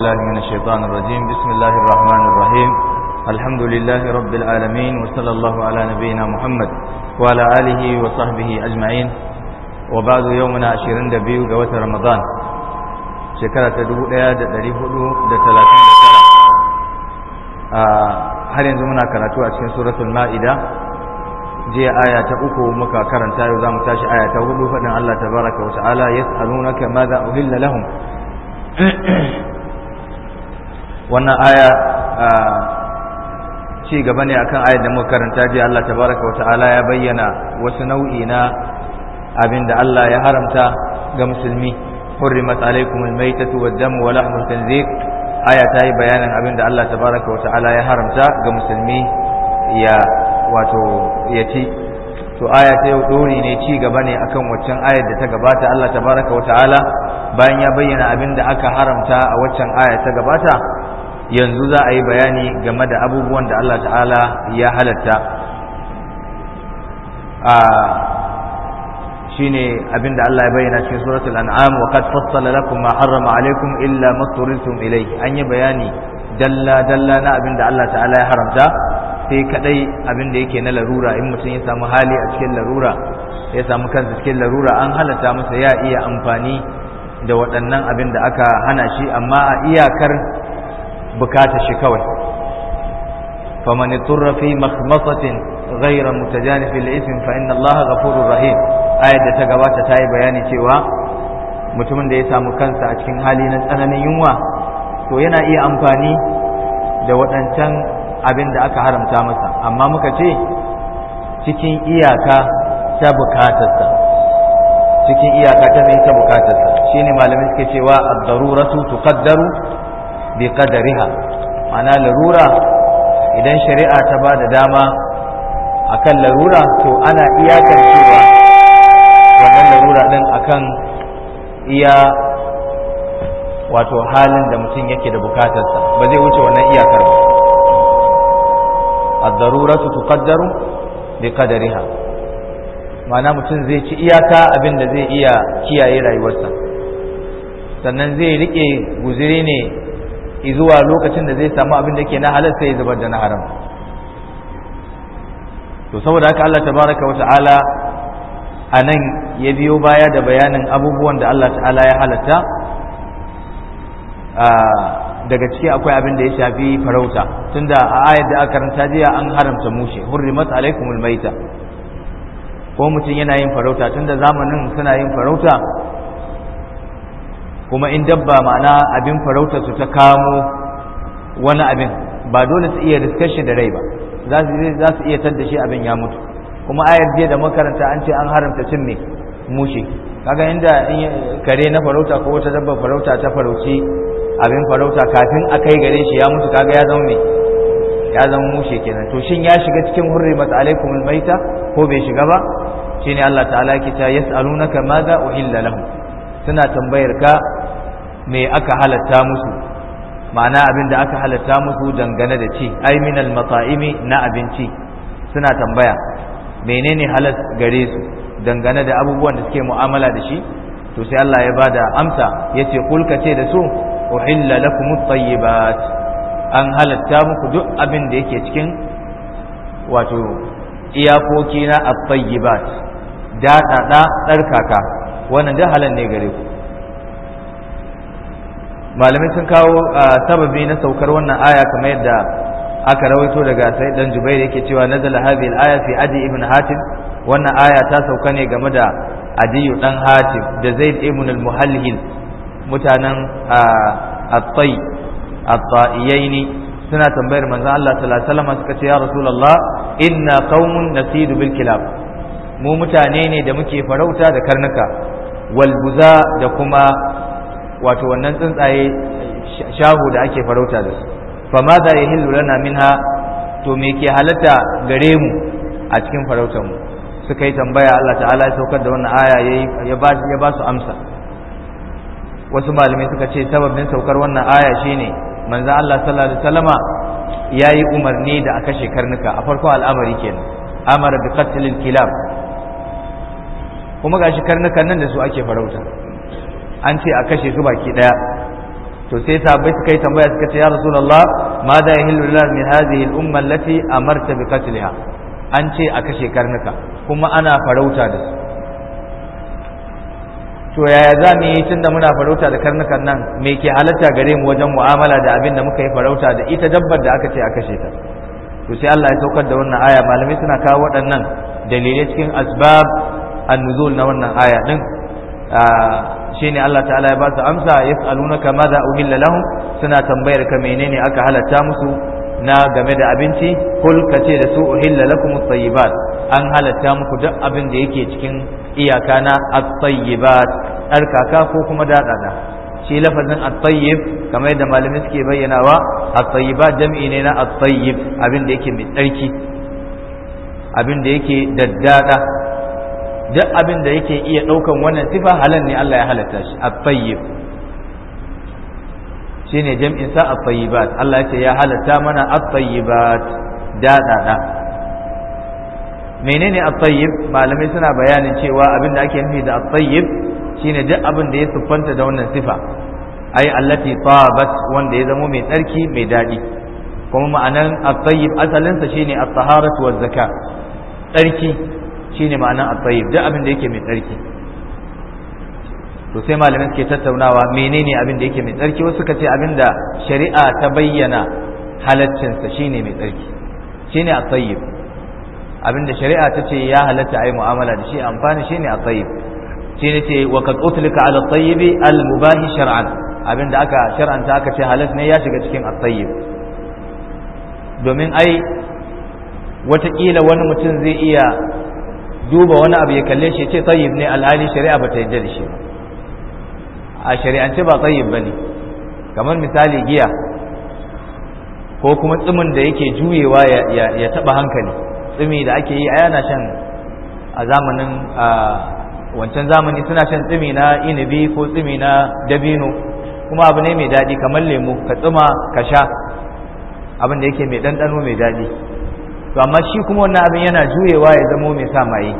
الله من الشيطان الرجيم بسم الله الرحمن الرحيم الحمد لله رب العالمين وصلى الله على نبينا محمد وعلى آله وصحبه أجمعين وبعد يومنا عشرين دبيو قوة رمضان شكرا تدبو لها دريه دو دتلاتين هل ينزمنا كراتو أشكين سورة المائدة جي آية أكو مكا كرن تايو زام تاش آية أولو فإن الله تبارك وتعالى يسألونك ماذا أهل لهم wannan aya ci gaba ne akan ayat da muka karanta ji Allah tabaraka wa ta'ala ya bayyana wasu nau'i na abin da Allah ya haramta ga musulmi hurrimat alaikum almaytatu wad-damu wa lahmul khinzir aya ta yi bayanin abin da Allah tabaraka wa ta'ala ya haramta ga musulmi ya wato ya ci to aya ta yau dori ne ci gaba ne akan waccan ayat da ta gabata Allah tabaraka wa ta'ala bayan ya bayyana abin da aka haramta a waccan aya ta gabata yanzu za a yi bayani game da abubuwan da Allah ta'ala ya halatta a abin da Allah ya bayyana cikin suratul an'am wa kad fassala lakum ma harrama alaikum illa ma turintum ilayhi an yi bayani dalla dalla na abin da Allah ta'ala ya haramta sai kadai abin abinda yake na larura in mutum ya samu hali a cikin larura ya samu kansa cikin larura an halatta masa ya iya amfani da waɗannan abin da aka hana shi amma a iyakar bukata shi kawai faman turra fi makhmasatin ghayra mutajanif lil ism fa inna allaha ghafurur da ta gabata ta yi bayani cewa mutumin da ya samu kansa a cikin hali na tsananin yunwa to yana iya amfani da waɗancan abin da aka haramta masa amma muka ce cikin iyaka ta bukatarsa cikin iyaka ta mai ta bukatarsa shine malamai suke cewa ad-daruratu tuqaddaru bi kadariha ma'ana larura idan shari'a ta ba da dama akan larura to ana iyakancewa wannan larura din akan iya wato halin da mutum yake da bukatarsa ba zai wuce wannan iyakar ba ad-daruratu tuqaddaru bi qadariha mana mutum zai ci iyaka abin da zai iya kiyaye rayuwarsa sannan zai rike guziri ne zuwa lokacin da zai samu abin da ke na halar sai ya zubar da na haram to saboda haka Allah tabaraka wa ta'ala a nan ya biyo baya da bayanin abubuwan da Allah ta'ala ya halatta daga ciki akwai abin da ya shafi farauta tunda a ayar da aka karanta jiya an haramta mushe hurrimat alaikumul maita ko mutum yana yin farauta tunda zamanin suna yin farauta kuma in dabba ma'ana abin farauta su ta kamo wani abin ba dole su iya riskashi da rai ba za su iya tadda shi abin ya mutu kuma ayar jiya da makaranta an ce an haramta cin mai mushe kaga inda kare na farauta ko wata dabba farauta ta farauci abin farauta kafin a kai gare shi ya mutu kaga ya zama mai ya zama mushe kenan to shin ya shiga cikin hurri alaikumul maita ko bai shiga ba ne Allah ta'ala ke ta yas'alunaka madha uhilla lahum suna tambayar ka me aka halatta musu ma'ana abin da aka halatta musu dangane da ci ai minal mata'imi na abinci suna tambaya menene halas gare su dangane da abubuwan da suke mu'amala da shi to sai Allah ya bada amsa yace kul ka ce da su uhilla lakum at-tayyibat an halatta muku duk abin da yake cikin wato iyakoki na at-tayyibat da da tsarkaka wannan da halan ne gare ku malamai sun kawo sababi na saukar wannan aya kamar yadda aka rawaito daga sai dan jubair yake cewa nazala hadhihi al-aya fi adi ibn hatim wannan aya ta sauka ne game da adiyu dan hatim da zaid ibn al-muhallil mutanen at-tay at suna tambayar manzon Allah sallallahu alaihi wasallam suka ce ya rasulullah inna qaumun nasidu bil kilab mu mutane ne da muke farauta da karnuka walbuza da kuma wato wannan tsuntsaye shahu da ake farauta da su fama za yi hillu lana ha, to me ke halatta gare mu a cikin farautar mu suka yi tambaya Allah ta'ala ya saukar da wannan aya ya ba su amsa wasu malamai suka ce sababin saukar wannan aya shine manzo Allah sallallahu alaihi wasallama yayi umarni da aka kashe karnuka a farko al'amari kenan amara bi qatlil kilab kuma shi karnukan nan da su ake farauta an ce a kashe su baki daya to sai sahabbai suka yi tambaya suka ce ya rasulullah ma da yahillu lillahi min hadhihi al-umma allati amarta bi qatliha an ce a kashe karnuka kuma ana farauta da su to yaya za mu yi tunda muna farauta da karnukan nan me ke halatta gare mu wajen mu'amala da abin da muka yi farauta da ita dabbar da aka ce a kashe ta to sai Allah ya saukar da wannan aya malamai suna kawo waɗannan dalilai cikin asbab annuzul na wannan aya din ah, shine Allah ta'ala ya ba su amsa yas'alunaka madha uhilla lahum suna tambayar ka menene aka halatta musu na game da abinci kul ce da su uhilla lakum at-tayyibat an halatta muku duk abin da yake cikin iyaka na at-tayyibat ko kuma dadada shi lafazin at-tayyib kamar yadda malami suke bayyanawa at-tayyibat jam'i ne na at-tayyib abin da yake mai tsarki abin da yake daddada duk abin da yake iya ɗaukan wannan sifa halal ne Allah ya halatta shi at-tayyib shine jam'in sa at-tayyibat Allah ya ce ya halatta mana at-tayyibat da da da menene at-tayyib malamai suna bayanin cewa abin da ake nufi da at-tayyib shine duk abin da ya siffanta da wannan sifa ai allati tabat wanda ya zama mai tsarki mai daɗi kuma ma'anar at-tayyib asalin sa shine at-taharatu waz Zaka tsarki shine ma'anan at-tayyib duk abin da yake mai tsarki to sai malamin suke tattaunawa menene abin da yake mai tsarki wasu suka ce abin da shari'a ta bayyana halaccinsa shine mai tsarki shine at-tayyib abin da shari'a ta ce ya halatta ai mu'amala da shi amfani shine at-tayyib shine ce wa qad utlika ala at-tayyibi al-mubahi shar'an abin da aka shar'anta aka ce halas ne ya shiga cikin at-tayyib domin ai watakila wani mutum zai iya duba wani abu ya kalle shi ce tsayib ne alhali shari'a ba ta yi da shi a shari'ance ba tsayib ba ne kamar misali giya ko kuma tsimin da yake juyewa ya taba hankali tsimi da ake yi a yana shan a zamanin wancan zamani suna shan tsimi na inibi ko tsimi na dabino kuma abu ne mai daɗi kamar lemu ka tsima ka sha abin da yake mai ɗanɗano mai daɗi to amma shi kuma wannan abin yana juyewa ya zamo mai sa maye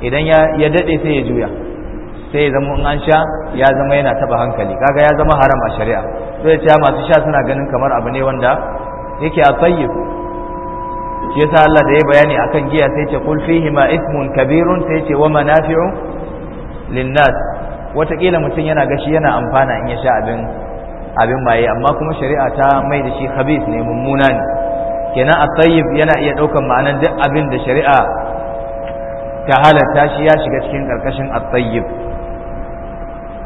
idan ya daɗe sai ya juya sai ya zama in an sha ya zama yana taba hankali kaga ya zama haram a shari'a ya ce masu sha suna ganin kamar abu ne wanda yake a tsayi shi yasa Allah da ya bayani akan giya sai ce kul fihi ma ismun kabirun sai ce wa manafi'u linnas Wataƙila mutum yana gashi yana amfana in ya sha abin abin maye amma kuma shari'a ta mai da shi khabith ne mummuna ne kenan a tsayif yana iya ɗaukan ma'anar duk abin da shari'a ta halatta shi ya shiga cikin ƙarƙashin a tsayif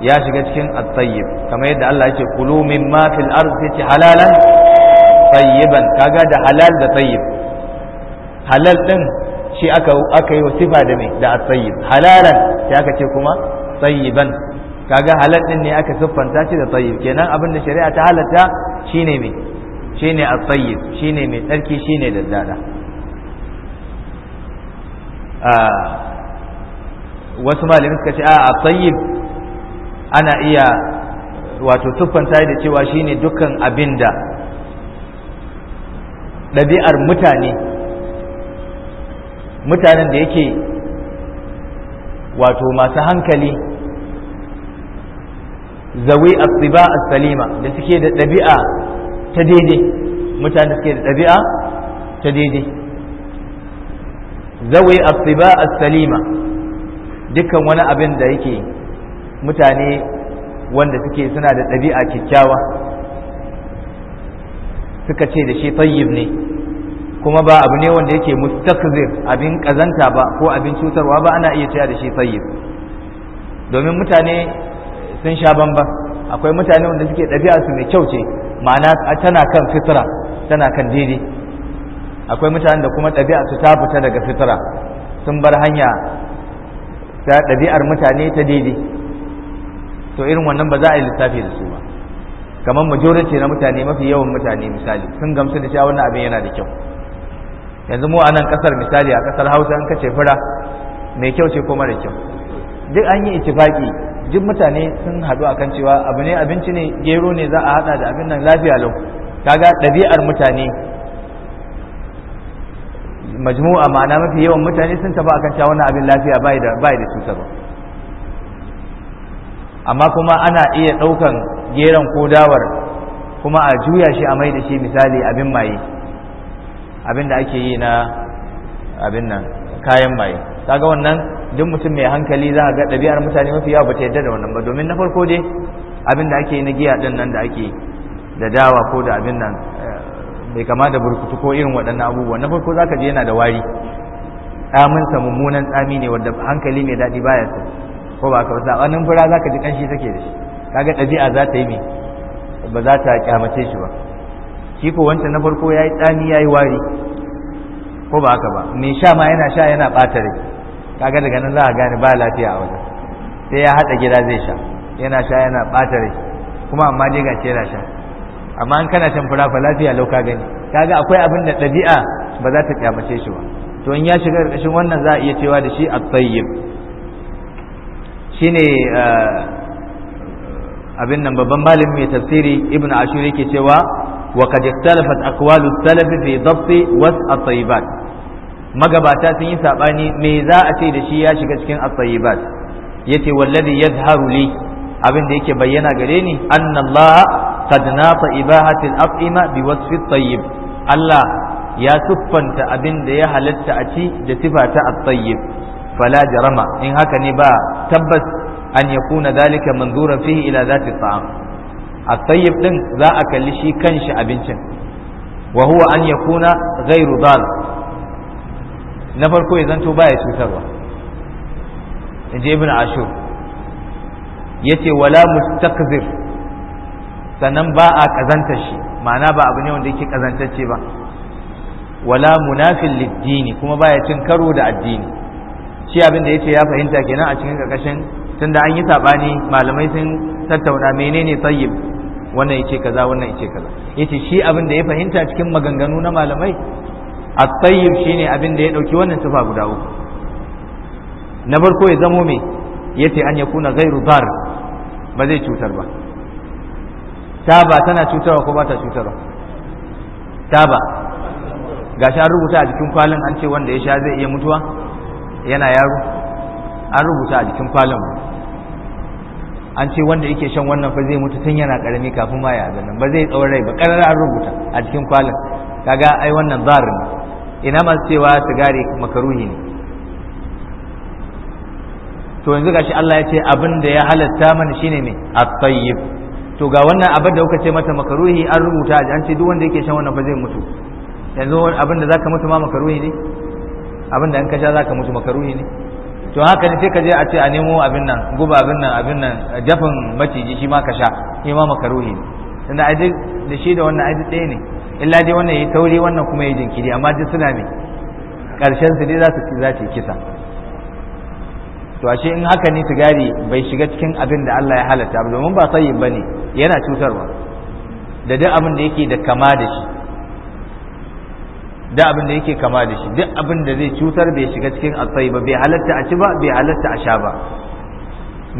ya shiga cikin a tsayif kamar yadda Allah yake kulu min ma fil ardi ce halalan tsayiban kaga da halal da tsayif halal ɗin shi aka aka yi sifa da mai da a tsayif halalan sai aka ce kuma tsayiban kaga halal ɗin ne aka siffanta shi da tsayif kenan abin da shari'a ta halatta shine mai Shi shine at shi ne mai tsarki ne daddada a wasu malamin suka ce a at ana iya wato siffanta da cewa shi ne dukkan abinda ɗabi'ar mutane mutanen da yake wato masu hankali zawi a tsiba a salima da suke da ɗabi'a ta daidai mutane suke da ɗabi'a ta daidai zawai asiba salima dukkan wani abin da yake mutane wanda suke suna da ɗabi'a kyakkyawa suka ce da shi tayyib ne kuma ba abu ne wanda yake mustakzir abin kazanta ba ko abin cutarwa ba ana iya cewa da shi tayyib domin mutane sun sha bamba akwai mutane wanda suke ɗabi'a su mai kyau ce ma'ana tana kan fitra tana kan daidai akwai mutanen da kuma ɗabi'a su ta fita daga fitra sun bar hanya ta ɗabi'ar mutane ta daidai to irin wannan ba za a yi lissafi da su ba kamar majority na mutane mafi yawan mutane misali sun gamsu da cewa wannan abin yana da kyau yanzu mu a nan kasar misali a kasar hausa an kace fura mai kyau ce kuma da kyau duk an yi itifaki duk mutane sun haɗu kan cewa abu ne abinci ne gero ne za a haɗa da abin nan lafiya lau kaga ɗabi'ar mutane majmu'a ma'ana mafi yawan mutane sun a kan cewa wani abin lafiya bai da bai da amma kuma ana iya ɗaukan geron ko dawar kuma a juya shi a mai da shi misali abin maye abin da ake yi na abin nan kayan maye kaga wannan duk mutum mai hankali za a ga ɗabi'ar mutane mafi yawa bata yadda da wannan ba domin na farko dai abin da ake yi na giya ɗin nan da ake da dawa ko da abin nan bai eh, kama da burkutu ko irin waɗannan abubuwa na farko zaka je yana da wari tsaminsa mummunan tsami ne wadda hankali mai daɗi baya so ko ba ka wasa wannan fura zaka ji kanshi take da shi kaga ɗabi'a za ta yi mai ba za ta kyamace shi ba shi ko wancan na farko yayi tsami yayi wari ko ba haka ba mai sha ma yana sha yana ɓata rai kaga daga nan za a gane ba lafiya a wajen sai ya haɗa gida zai sha yana sha yana ɓata rai kuma amma dai ga ce yana sha amma an kana shan fura fa lafiya lau ka gani kaga akwai abin da ɗabi'a ba za ta kyamace shi ba to in ya shiga ƙarƙashin wannan za a iya cewa da shi a tsayyib shine eh, abin nan babban malami mai tafsiri ibnu ashuri yake cewa wa qad ikhtalafat aqwalu salaf fi dabt wa at-tayyibat magabata sun yi sabani me za a ce da shi ya shiga cikin as yace wallazi yadhharu li abin da yake bayyana gare ni annallaha Allah qad nata ibahati atima bi wasfi at-tayyib Allah ya siffanta abin da ya halatta a ci da sifa ta at-tayyib fala jarama in haka ne ba tabbas an yakuna dalika manzuran fihi ila zati at-ta'am at-tayyib din za a kalli shi kanshi abincin wa huwa an yakuna ghairu dal na farko ya zanto baya cutarwa in ji ibn ashur ya ce wala mustaqzir sannan ba a ƙazantar shi ma'ana ba abu ne wanda yake ƙazantacce ba wala munafin liddini kuma baya cin karo da addini shi abin da ce ya fahimta kenan a cikin tun tunda an yi saɓani malamai sun tattauna menene tayyib wannan ce kaza wannan ce kaza ya ce shi abin da ya fahimta cikin maganganu na malamai at-tayyib shine abin da ya dauki wannan tufa guda uku na farko ya zamo me yace an yakuna ghairu dar ba zai cutar ba taba tana cutarwa ko ba ta cutarwa taba gashi an rubuta a jikin kwalin an ce wanda ya sha zai iya mutuwa yana yaro an rubuta a jikin kwalin an ce wanda yake shan wannan fa zai mutu tun yana karami kafin ma ya zana ba zai tsawon rai ba karar an rubuta a cikin kwalin kaga ai wannan zarin ina masu cewa sigari makaruhi ne to yanzu gashi Allah ya ce abin da ya halatta mana shine ne at-tayyib to ga wannan abin da kuka ce mata makaruhi an rubuta an ce duk wanda yake shan wannan fa zai mutu yanzu abin da zaka mutu ma makaruhi ne abin da in ka sha zaka mutu makaruhi ne to haka ne sai ka je a ce a nemo abin nan guba abin nan abin nan jafin maciji shi ma ka sha shi ma makaruhi ne tunda da shi da wannan ai ɗaya ne illa dai wannan yi tauri wannan kuma yi jinkiri amma duk suna ne karshen su dai za su za ta kisa to ashe in haka ne sigari bai shiga cikin abin da Allah ya halatta ba domin ba sai bane yana cutarwa da duk abin da yake da kama da shi da abin da yake kama da shi duk abin da zai cutar bai shiga cikin asai ba bai halatta a ci ba bai halatta a sha ba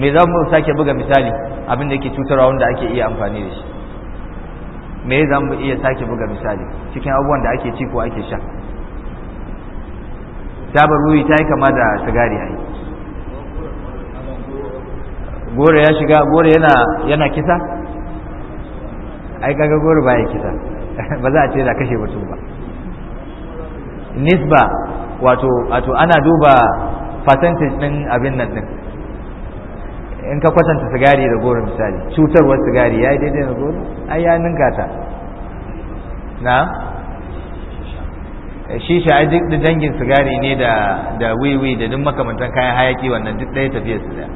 me za mu sake buga misali abin da yake cutarwa wanda ake iya amfani da shi me za mu iya sake buga misali cikin abubuwan da ake ci ko ake sha tabar ruwi ta yi kama da sigari ai gore ya shiga gore yana yana kisa ai kaga gore baya kisa ba za a ce da kashe mutum ba nisba wato wato ana duba percentage din abin nan din in ka kwatanta sigari da goro misali cutarwar sigari ya yi daidai da goro ai ya ninka ta na eh, shisha a duk da dangin sigari ne da da wiwi da duk makamantan kayan hayaki wannan duk ɗaya tafiyar su da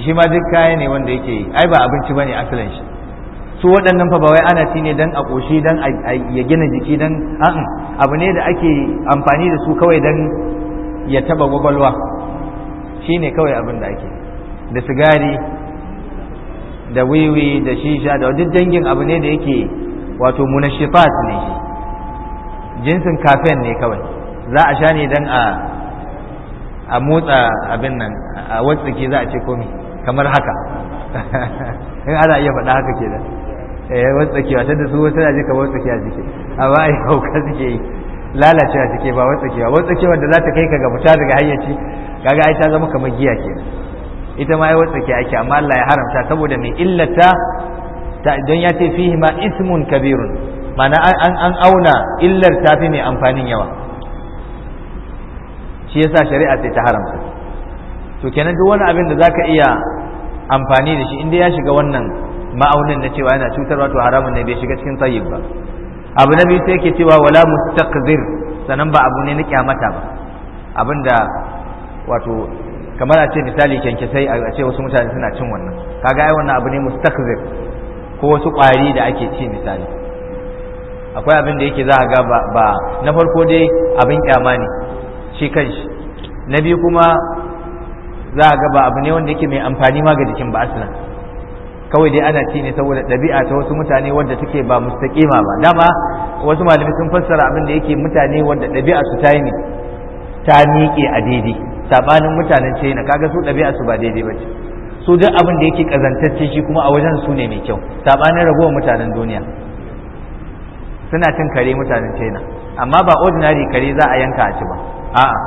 shi ma duk kaya ne wanda yake yi, ai ba abinci ba ne, asalin shi su waɗannan fa ba wai ana ci ne dan a ƙoshi dan ya gina jiki dan a'a abu ne da ake amfani da su kawai dan ya taba gwagwalwa Shi ne kawai abin da ake da sigari da wiwi da shisha da duk dangin abu ne da yake wato munashifat ne shi jinsin kafen ne kawai za a sha ne don a a motsa abin nan a watsake za a ce komi kamar haka in ana iya faɗa haka ke da eh watsakewa ta da su wata da jika watsake a ba a yi hauka suke yi lalacewa suke ba watsakewa watsakewa da za ta kai ka ga fita daga hayyaci kaga ai ta zama kamar giya ke ita ma ai ke ake amma Allah ya haramta saboda mai illata don ya ce fihi ma ismun kabirun mana an auna illar ta fi mai amfanin yawa shi yasa shari'a sai ta haramta to kenan duk wani abin da zaka iya amfani da shi inda ya shiga wannan ma'aunin na cewa yana cutarwa to haramun ne bai shiga cikin tsayin ba abu na biyu sai ke cewa wala mustaqzir sanan ba abu ne na kyamata ba abinda wato kamar a ce misali sai a ce wasu mutane suna cin wannan kaga ai wannan abu ne mustakzir ko wasu ƙwari da ake ci misali akwai abin da yake za a ga ba na farko dai abin kyama ne shi kanshi na biyu kuma za a ga ba abu ne wanda yake mai amfani ma ga jikin ba aslan kawai dai ana ci ne saboda ɗabi'a ta wasu mutane wadda take ba mustaqima ba dama wasu malamai sun fassara abin da yake mutane wanda ɗabi'a su ta yi ne ta miƙe a daidai sabanin mutanen china kaga su ɗabi'a su ba daidai ba ce su duk abin da yake kazantacce shi kuma a wajen su ne mai kyau sabanin ragowar mutanen duniya suna cin kare mutanen china amma ba ordinary kare za a yanka a ci ba a'a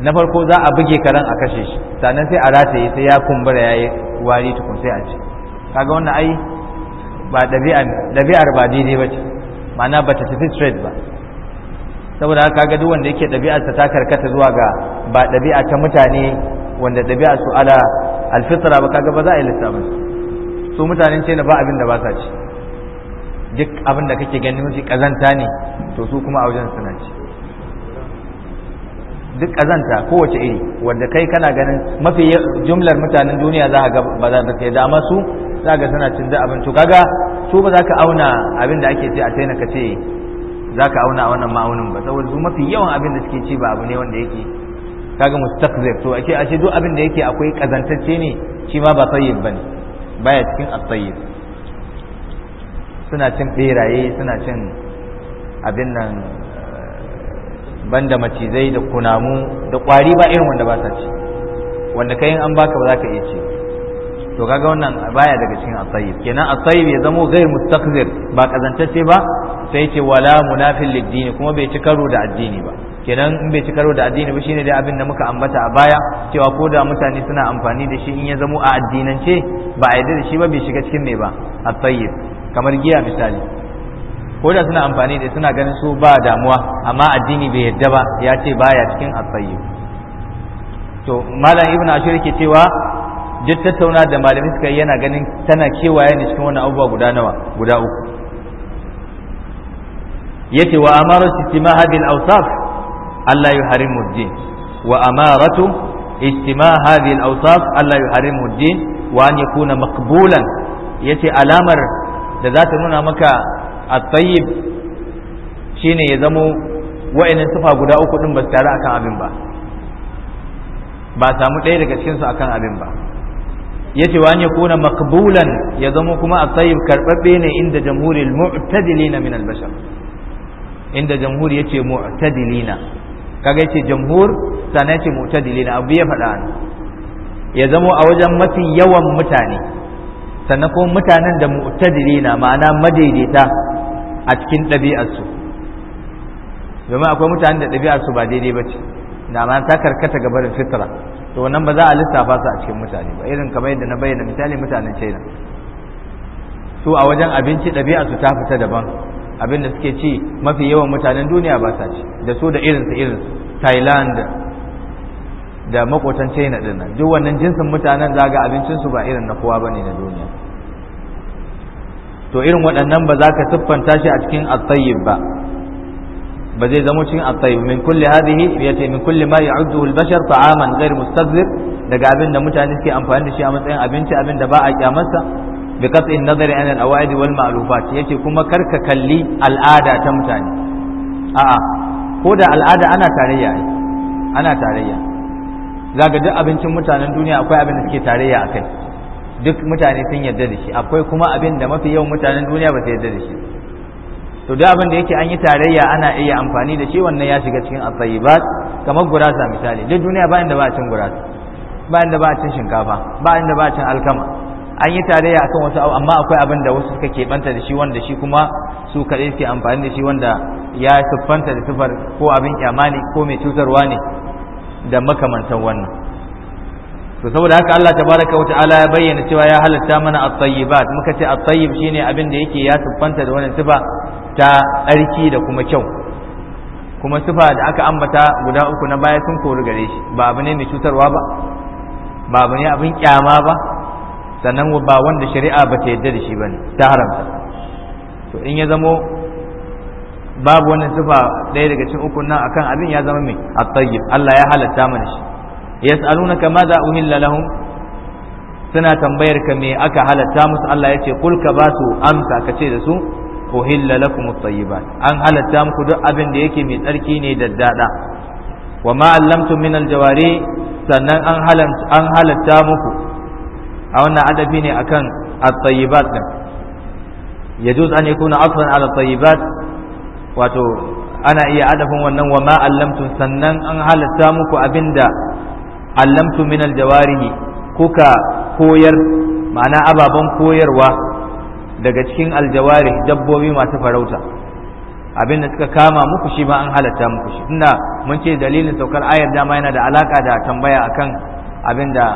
na farko za a buge karen a kashe shi sannan sai a rataye sai ya kumbura ya yi wari tukun sai a ci kaga wannan ai ba ɗabi'ar ba daidai ba ce ma'ana ba ta tafi straight ba saboda haka ga duk wanda yake ɗabi'arsa ta karkata zuwa ga ba ɗabi'a ta mutane wanda ɗabi'a su ala alfitra ba kaga ba za a yi lissafin su mutanen ce na ba abin da ba sa ci duk abin da kake ganin mafi kazanta ne to su kuma a wajen suna ci duk kazanta kowace iri wanda kai kana ganin mafi jumlar mutanen duniya za a ga ba za ta yadda amma su za ga suna cin da abin to kaga su ba za ka auna abin da ake ce a sai ka ce za ka auna wannan ma'aunin ba saboda su mafi yawan abin da suke ci ba abu ne wanda yake kaga mustaqzir to ake ashe duk abin da yake akwai kazantacce ne shi ma ba tayyib bane baya cikin at-tayyib suna cin beraye suna cin abin nan eh, banda macizai da kunamu da kwari ba irin wanda ba ta ci wanda in an baka ba za ka iya ci to kaga wannan baya daga cikin at-tayyib kenan at-tayyib ya zamo gair mustaqzir ba kazantacce ba sai ce wala munafin liddini kuma bai ci karo da addini ba kenan in bai ci karo da addini ba shine dai abin da muka ambata a baya cewa ko da mutane suna amfani da shi in ya zamo a addinance ba a yarda da shi ba bai shiga cikin mai ba a tsayyib kamar giya misali ko da suna amfani da suna ganin su ba damuwa amma addini bai yarda ba ya ce baya cikin a tsaye to malam ibn ashir ke cewa duk tattauna da malamai suka yana ganin tana kewaye ne cikin wannan abubuwa guda nawa guda uku yace wa amaratu istimaha bil awsaf Allah yuharimu din wa amaratu istimaha bil awsaf Allah yuharimu din wa an yakuna maqbulan yace alamar da za ta nuna maka at-tayyib shine ya zamo wa'annan sufa guda uku din ba su tare akan abin ba ba samu ɗaya daga cikin su akan abin ba yace wa an yakuna maqbulan ya zamo kuma at-tayyib karbabbe ne inda jamhuril mu'tadilina min al-bashar inda jamhur yace mu'tadilina kaga yace jamhur sannan yace mu'tadilina abu ya faɗa ya zamo a wajen mafi yawan mutane sannan kuma mutanen da mu'tadilina ma'ana madaidaita a cikin ɗabi'arsu domin akwai mutanen da ɗabi'arsu ba daidai ba ce na ma ta karkata ga barin fitra to wannan ba za a lissafa su a cikin mutane ba irin kamar yadda na bayyana misali mutanen china su a wajen abinci ɗabi'arsu ta fita daban abin da suke ci mafi yawan mutanen duniya ba sa ci da su da irinsu irin thailand da makotan china din nan duk wannan jinsin mutanen zaga abincinsu ba irin na kowa bane na duniya to irin waɗannan ba za ka siffanta shi a cikin at-tayyib ba ba zai zama cikin at-tayyib min kulli hadhihi yace min kulli ma ya'uddu al-bashar ta'aman ghayr mustadhir daga abin da mutane suke amfani da shi a matsayin abinci abin da ba a kyamarsa bi qat'i nazari an al-awa'id wal ma'lufat yace kuma karka kalli al'ada ta mutane a'a ko da al'ada ana tarayya ana tarayya zaga duk abincin mutanen duniya akwai abin da suke tarayya akai duk mutane sun yarda da shi akwai kuma abin da mafi yawan mutanen duniya ba su yarda da shi to duk abin da yake an yi tarayya ana iya amfani da shi wannan ya shiga cikin asayibat kamar gurasa misali duk duniya ba inda ba a cin gurasa ba inda ba a cin shinkafa ba inda ba a cin alkama an yi tarayya akan wasu abu amma akwai abin da wasu suka keɓanta da shi wanda shi kuma su kaɗai suke amfani da shi wanda ya siffanta da sifar ko abin kyama ne ko mai cutarwa ne da makamantan wannan to saboda haka Allah tabaraka wa ta'ala ya bayyana cewa ya halatta mana at-tayyibat muka ce at-tayyib shine abin da yake ya siffanta da wannan sifa ta tsarki da kuma kyau kuma sifa da aka ambata guda uku na baya sun kori gare shi ba abu ne mai cutarwa ba ba abu ne abin kyama ba sannan ba wanda shari'a ba ta yadda da shi ne ta haramta to in ya zamo babu wannan sifa ɗaya daga cikin ukun nan akan abin ya zama mai at-tayyib Allah ya halatta mana shi yas'alunaka madha uhilla lahum suna tambayar ka me aka halatta musu Allah ya ce kul ka ba su amsa ka ce da su uhilla lakum at-tayyibat an halatta muku duk abin da yake mai tsarki ne da daɗa wa ma allamtum min al-jawari sannan an halatta muku a wannan adabi ne akan at-tayyibat din yajuz an yakuna aslan ala at-tayyibat wato ana iya adafin wannan wa ma allamtum sannan an halatta muku abinda allamtum min al-jawarihi kuka koyar ma'ana ababan koyarwa daga cikin aljawari dabbobi masu farauta abinda suka kama muku shi ma an halatta muku shi ina mun ce dalilin saukar ayar dama yana da alaka da tambaya akan abinda.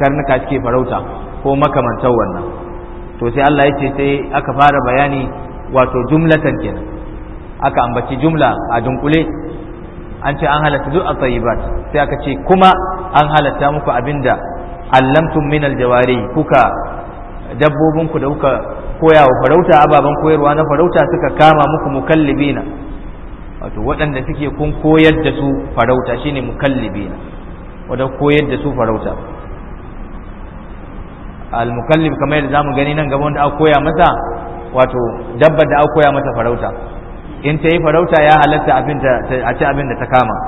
karnuka suke farauta ko makamantar wannan to sai Allah ya ce sai aka fara bayani wato jumlatan kenan aka ambaci jumla a dunkule an ce an halatta duk a tsayibat sai aka ce kuma an halatta muku abinda allamtum min aljawari kuka dabbobinku da kuka koya wa farauta ababen koyarwa na farauta suka kama muku mukallibina wato waɗanda suke kun koyar da su farauta shine mukallibina wadda koyar da su farauta al-mukallif kamar yadda zamu gani nan gaba wanda aka koya masa wato dabbar da aka koya mata farauta in ta yi farauta ya halatta abin da a ci abin da ta kama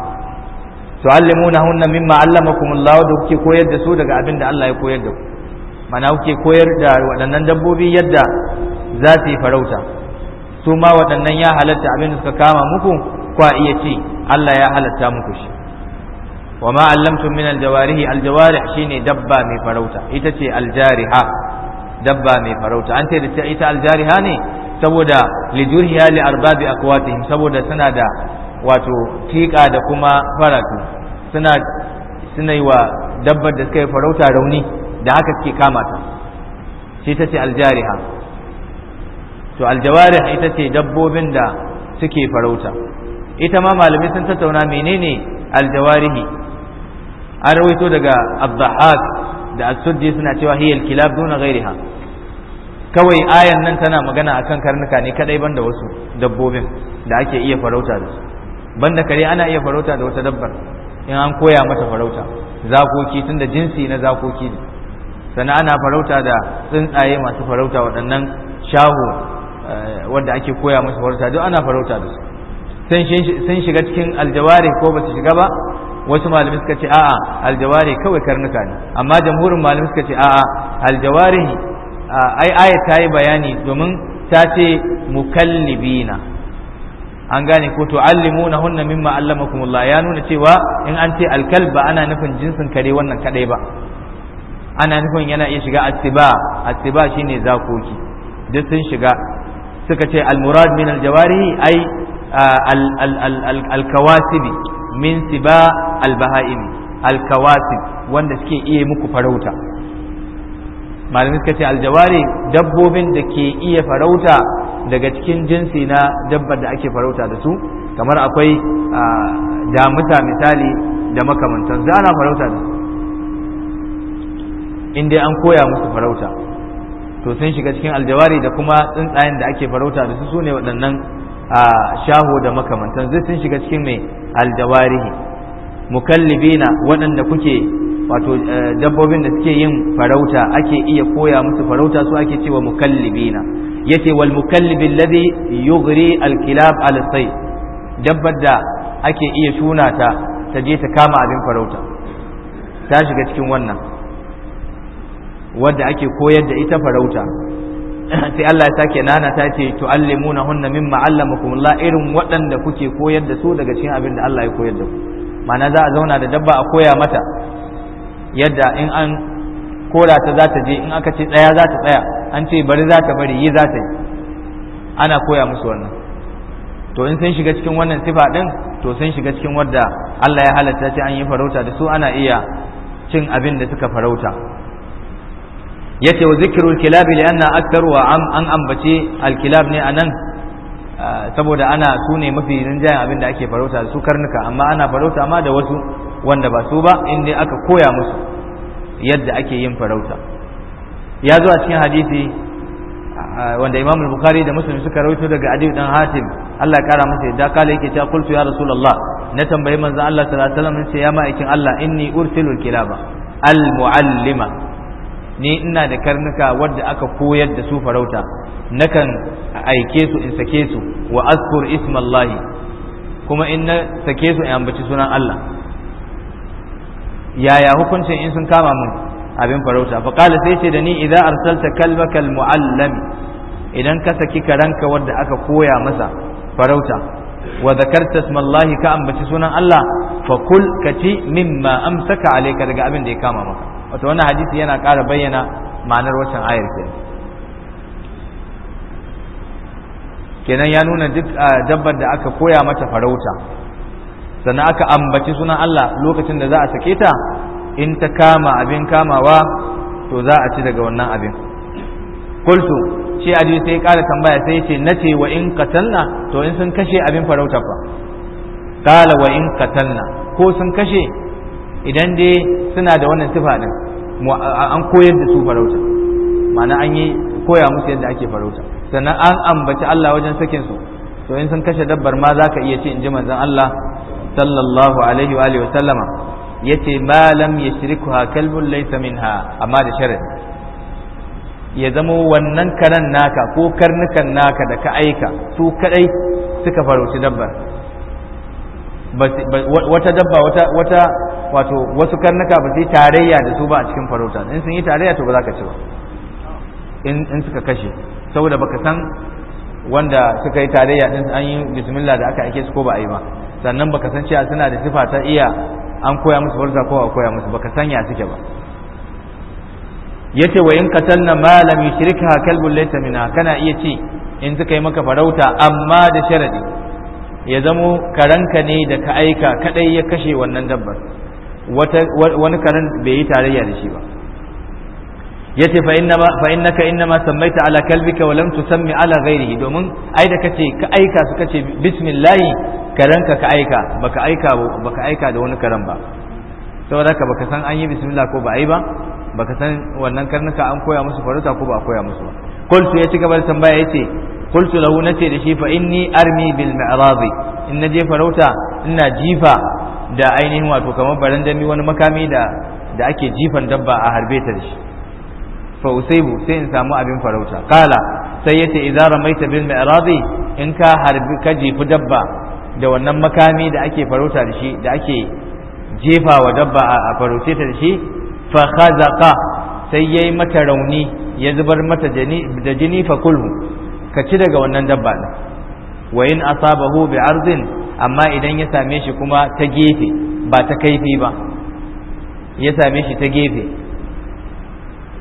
hunna mimma allamakumullahu da kuke koyar da su daga abin da Allah ya koyar da ku mana kuke koyar da waɗannan dabbobi yadda za su yi farauta su ma waɗannan ya halatta abin da suka kama muku kwa iya ci Allah ya halatta muku shi wa ma allamtum min aljawarihi aljawarih shine dabba mai farauta ita ce aljariha dabba mai farauta an ce da ita aljariha ne saboda lijurhiya li arbabi akwatihim saboda suna da wato tika da kuma faratu suna suna yi wa dabbar da suka yi farauta rauni da haka suke kama ta shi ta ce aljariha to aljawarih ita ce dabbobin da suke farauta ita ma malamai sun tattauna menene aljawarihi an rawaito daga abdahak da asuddi suna cewa hiyal kilab duna ghairiha kawai ayan nan tana magana akan karnuka ne kadai banda wasu dabbobin da ake iya farauta da su banda kare ana iya farauta da wata dabbar in an koya mata farauta zakoki da jinsi na zakoki ne sannan ana farauta da tsuntsaye masu farauta waɗannan shahu eh, wanda ake koya masa farauta duk ana farauta da su sun shiga cikin aljawari ko ba su shiga ba wasu malamai suka ce a'a aljawari kawai karnuka ne amma jamhurin malamai suka ce a'a aljawari ai aya ta yi bayani domin ta ce mukallibina an gane ko to allimuna hunna mimma allamakumullah ya nuna cewa in an ce alkal ba ana nufin jinsin kare wannan kadai ba ana nufin yana iya shiga attiba attiba shine zakoki duk sun shiga suka ce almurad min aljawari ai al-kawasibi. min siba albaha'imi alkawasib wanda suke iya muku farauta malamai suka ce aljawari dabbobin da ke iya farauta daga cikin jinsi na dabbar da ake farauta da su kamar akwai damuta misali da makamantan da ana farauta da su in dai an koya musu farauta to sun shiga cikin aljawari da kuma tsuntsayen da ake farauta da su su ne waɗannan a shaho da makamantan zai sun shiga cikin mai aljawarihi mukallibina waɗanda kuke wato eh, dabbobin da suke yin farauta ake iya koya musu farauta su ake cewa mukallibina yace wal mukallibi alladhi yughri alkilab al sayf dabbar da ake iya shuna ta ta je ta kama abin farauta ta shiga cikin wannan wadda ake koyar da ita farauta sai Allah ya sake nana ta ce na hunna mimma allamakumullah irin waɗanda kuke koyar da su daga cikin abin da Allah ya koyar da ku ma'ana za a zauna da dabba a koya mata yadda in an kora ta za ta je in aka ce tsaya za ta tsaya an ce bari za ta bari yi za ta yi ana koya musu wannan to in sun shiga cikin wannan sifa din to sun shiga cikin wadda Allah ya halatta ce an yi farauta da su ana iya cin abin da suka farauta yace wa zikrul kilab li anna akthar wa am an ambace al kilab ne anan saboda ana su mafi rinjayen abin da ake farauta su karnuka amma ana farauta ma da wasu wanda ba su ba inda aka koya musu yadda ake yin farauta ya zo a cikin hadisi wanda imam bukhari da muslim suka rawaito daga adi dan hatim Allah ya kara masa yadda kala yake cewa qultu ya rasulullah na tambayi manzo Allah sallallahu alaihi wasallam ya ma'aikin Allah inni ursilul kilaba al muallima ni ina da karnuka wadda aka koyar da su farauta nakan aike su in sake su wa azkur ismallahi kuma in na sake su in ambaci sunan Allah yaya hukuncin in sun kama mun abin farauta fa qala sai ce da ni idza arsalta kalbaka almuallim idan ka saki karanka wadda aka koya masa farauta wa zakarta ismallahi ka ambaci sunan Allah fa kul kaci mimma amsaka alayka daga abin da ya kama maka wato wannan hadisi yana ƙara bayyana ma'anar waccan ayar ke kenan ya nuna duk dabbar da aka koya mata farauta sannan aka ambaci sunan Allah lokacin da za a sake ta in ta kama abin kamawa to za a ci daga wannan abin kultu shi aji sai ƙara tambaya sai ce nace wa in katanna to in sun kashe abin farauta fa kala wa in katalna ko sun kashe idan dai suna da wannan sifa din an koyar da su farauta ma'ana an yi koya musu yadda ake farauta sannan an ambaci Allah wajen sakin su to in sun kashe dabbar ma zaka iya ce in ji manzon Allah sallallahu alaihi wa wa sallama yace ma lam yashrikuha kalbun laysa minha amma da sharri ya zama wannan karan naka ko karnukan naka da ka aika su kadai suka farauci dabbar wata dabba wata wato wasu karnuka ba su yi tarayya da su ba a cikin farauta in sun yi tarayya to ba za ka ci ba in suka kashe saboda baka san wanda suka yi tarayya din an yi bismillah da aka aike su ko ba a yi ba sannan baka san cewa suna da sifa ta iya an koya musu farsa ko a koya musu baka san ya suke ba yace wa in qatalna ma yushrikha kalbun laysa mina kana iya ci in suka yi maka farauta amma da sharadi ya zamo karanka ne da ka aika kadai ya kashe wannan dabbar wani karen bai yi tarayya da shi ba ya ce fa fa'innaka innama sammaita ala ka walam tusammi ala ghairihi domin ai da kace ka aika su kace bismillahi karanka ka aika baka aika baka aika da wani karan ba saboda haka baka san an yi bismillah ko ba ai ba baka san wannan karnuka an koya musu farauta ko ba a koya musu ba qultu ya ci gaba da tambaya yace qultu lahu nace da shi fa inni armi bil mi'radi in naje farauta ina jifa da ainihin wato kamar barandami wani makami da da ake jifan dabba a harbe ta shi fa sai in samu abin farauta kala sai yace idza ramaita bil mi'radi in ka harbi ka jifi dabba da wannan makami da ake farauta da shi da ake jefawa dabba a farauce ta da shi fa khazaqa sai yayi mata rauni ya zubar mata da jini fa kulhu ka ci daga wannan dabba wa in asabahu bi arzin amma idan ya same shi kuma ta gefe ba ta kaifi ba ya same shi ta gefe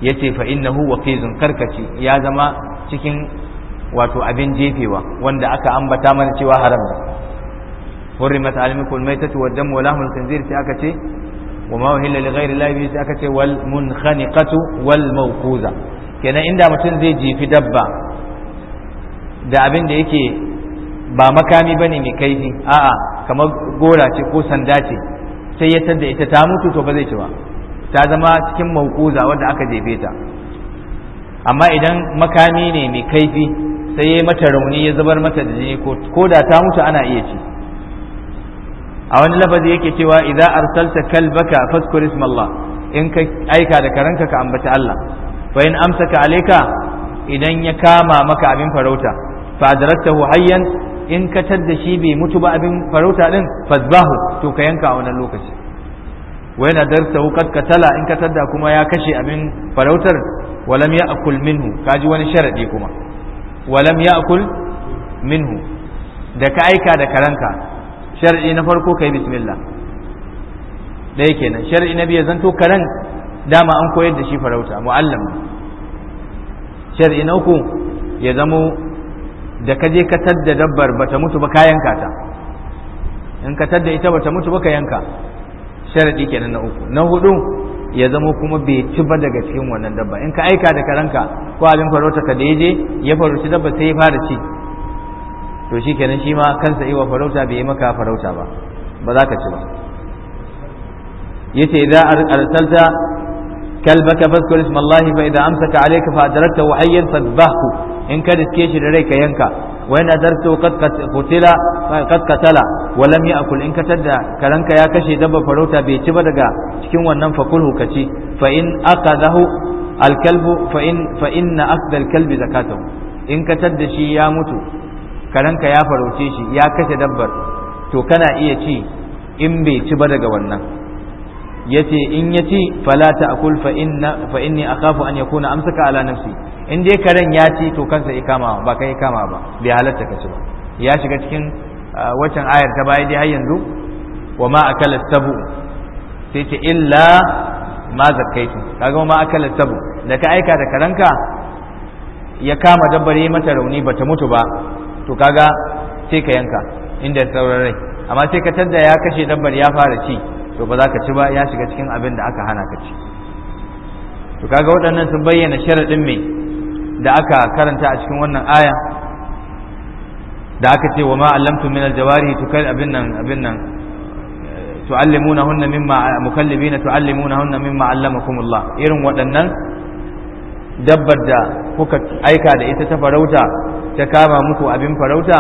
ya ce fa innahu waqizun karkaci ya zama cikin wato abin jefewa wanda aka ambata mana cewa haram ne hurrimat almikum almaytatu wad-damu wa sai aka ce wa ma uhilla li sai aka ce wal munkhaniqatu wal mawquza kenan inda mutum zai jifi dabba da abin da yake ba makami ba ne mai kaifi a'a kamar gora ce ko sanda ce sai ya tadda ita ta mutu to ba zai ci ba ta zama cikin maukuza wadda aka jefe ta amma idan makami ne mai kaifi sai ya mata rauni ya zubar mata da jini ko da ta mutu ana iya ci a wani lafazi yake cewa idza arsalta kalbaka fadhkur ismallah in ka aika da karanka ka ambaci Allah fa amsa ka alayka idan ya kama maka abin farauta fa adrattahu hayyan in ka da shi bai mutu ba abin farauta din fazbahu to ka yanka a wannan lokaci wa yana darta wukat katala in ka tadda kuma ya kashe abin farautar walam ya'kul minhu kaji wani sharadi kuma walam ya'kul minhu da ka aika da karanka sharadi na farko kai bismillah dai kenan sharadi na biyu zanto karan dama an koyar da shi farauta mu'allam sharadi na uku ya zamo da ka je ka tadda dabbar bata mutu ba ka yanka ta in ka tadda ita bata mutu ba ka yanka sharadi kenan na uku na hudu ya zama kuma bai ci ba daga cikin wannan dabba in ka aika da karanka ko abin farauta ka da yaje ya farauci dabba sai ya fara ci to shi kenan shi ma kansa iwa farauta bai yi maka farauta ba ba za ka ci ba yace idan arsalta kalbaka fazkur isma Allah fa idza amsaka alayka fa adraktahu hayyan fadhbahu in ka riske shi da rai ka yanka wa yana zarto kutila kad katala wa lam ya'kul in katar da karanka ya kashe dabba farauta bai ci ba daga cikin wannan fakulhu kaci fa in al kalbu fa in fa inna al kalbi zakatuhu in katar da shi ya mutu karanka ya farauce shi ya kashe dabbar to kana iya ci in bai ci ba daga wannan yace in yace fala ta'kul fa inna fa inni akhafu an yakuna amsaka ala nafsi in dai karen ya ci to kansa ikama ba kai ikama ba bai halatta ka ba ya shiga cikin ah, waccan ayar ta baya dai har yanzu wa ma akala sabu sai ce illa ma zakaitu kaga ma akala sabu da ka aika da karanka ya kama dabbar yi mata rauni bata mutu ba to kaga sai ka yanka inda sauran rai amma sai ka tadda ya kashe dabbar ya fara ci to ba za ka ci ba ya shiga cikin abin da aka hana ka ci to kaga waɗannan sun bayyana sharaɗin me da aka karanta a cikin wannan aya da aka ce wa ma min aljawari tukal abin nan abin nan tu'allimunahunna mimma mukallibina tu'allimunahunna mimma allamakumullah irin waɗannan dabbar da kuka aika da ita ta farauta ta kama muku abin farauta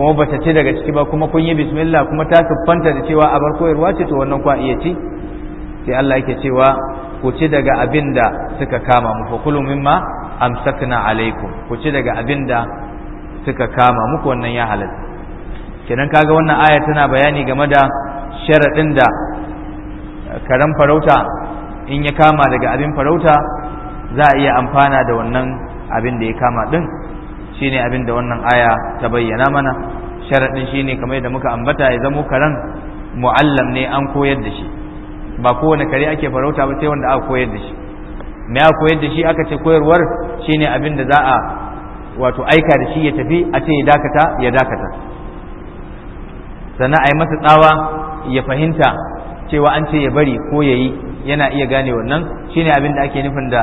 kuma bata ce daga ciki ba kuma kun yi bismillah kuma ta siffanta da cewa abar koyarwa ce to wannan kwa iya ci sai Allah yake cewa ku ci daga abin da suka kama mu fakulu mimma amsakna alaikum ku ci daga abin da suka kama muku wannan ya halal kenan kaga wannan aya tana bayani game da sharaɗin da karen farauta in ya kama daga abin farauta za a iya amfana da wannan abin da ya kama ɗin ne abin da wannan aya ta bayyana mana sharaɗin shi ne kamar yadda muka ambata ya zamo karan mu'allam ne an koyar da shi ba kowane kare ake farauta ba sai wanda aka koyar da shi me aka koyar da shi aka ce koyarwar shi ne abin da za a wato aika da shi ya tafi a ce ya dakata ya dakata sannan a yi masa tsawa ya fahimta cewa an ce ya bari ko ya yi yana iya gane wannan ne abin da ake nufin da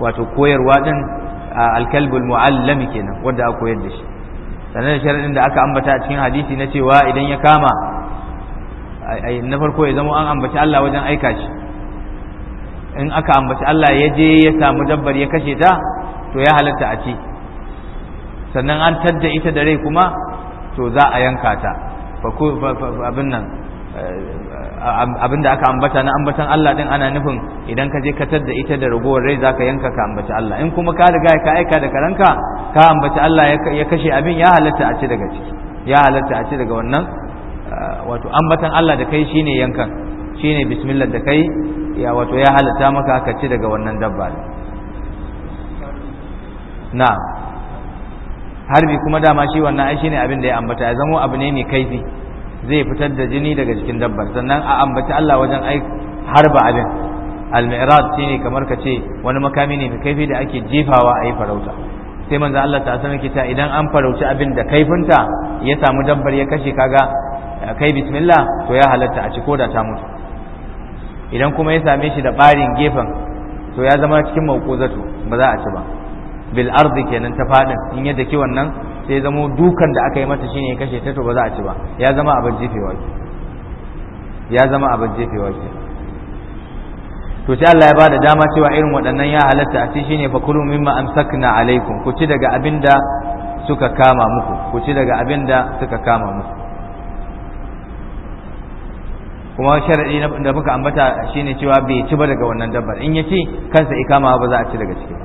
wato koyarwa din alkalbul mu'allami kenan wanda aka koyar da shi sannan da sharadin da aka ambata a cikin hadisi na cewa idan ya kama na farko ya zama an ambaci Allah wajen aika shi in aka ambaci Allah ya je ya samu dabbar ya kashe ta to ya halatta a ci sannan an tadda ita da rai kuma to za a yanka ta abin nan eh, abin da aka ambata na ambatan Allah din ana nufin idan ka je ka tadda ita da ragowar rai zaka yanka ka ambaci Allah in kuma ka riga ka aika da karanka ka ambaci Allah ya kashe abin ya halatta a ci daga ciki ya halatta a ci daga wannan ah, wato ambatan Allah da kai shine yankan shine bismillah da kai ya wato ya halatta maka ka ci daga wannan dabba na harbi kuma dama shi wannan ai shine abin da ya ambata ya zamo abu ne mai kaifi zai fitar da jini daga jikin dabbar sannan a ambaci Allah wajen ai harba abin al-mi'raj shine kamar ka ce wani makami ne mai kaifi da ake jefawa a yi farauta sai manzo Allah ta sanar ki ta idan an farauci abin da kaifinta ya samu dabbar ya kashe kaga eh, kai bismillah to ya halatta a ci ko da ta mutu idan kuma ya same shi da barin gefen to ya zama cikin zato ba za a ci ba bil ardi kenan ta fadin in yadda ki wannan sai zamo dukan da aka yi mata shine ya kashe ta to ba za a ci ba ya zama abin jefewa ke ya zama abin jefewa ke to sai Allah ya ba da dama cewa irin waɗannan ya halatta a ci shine fa kulu mimma amsakna alaikum ku ci daga abin da suka kama muku ku ci daga abin da suka kama muku kuma sharadi da muka ambata shine cewa bai ci ba daga wannan dabbar in ya ci kansa ikama ba za a ci daga ciki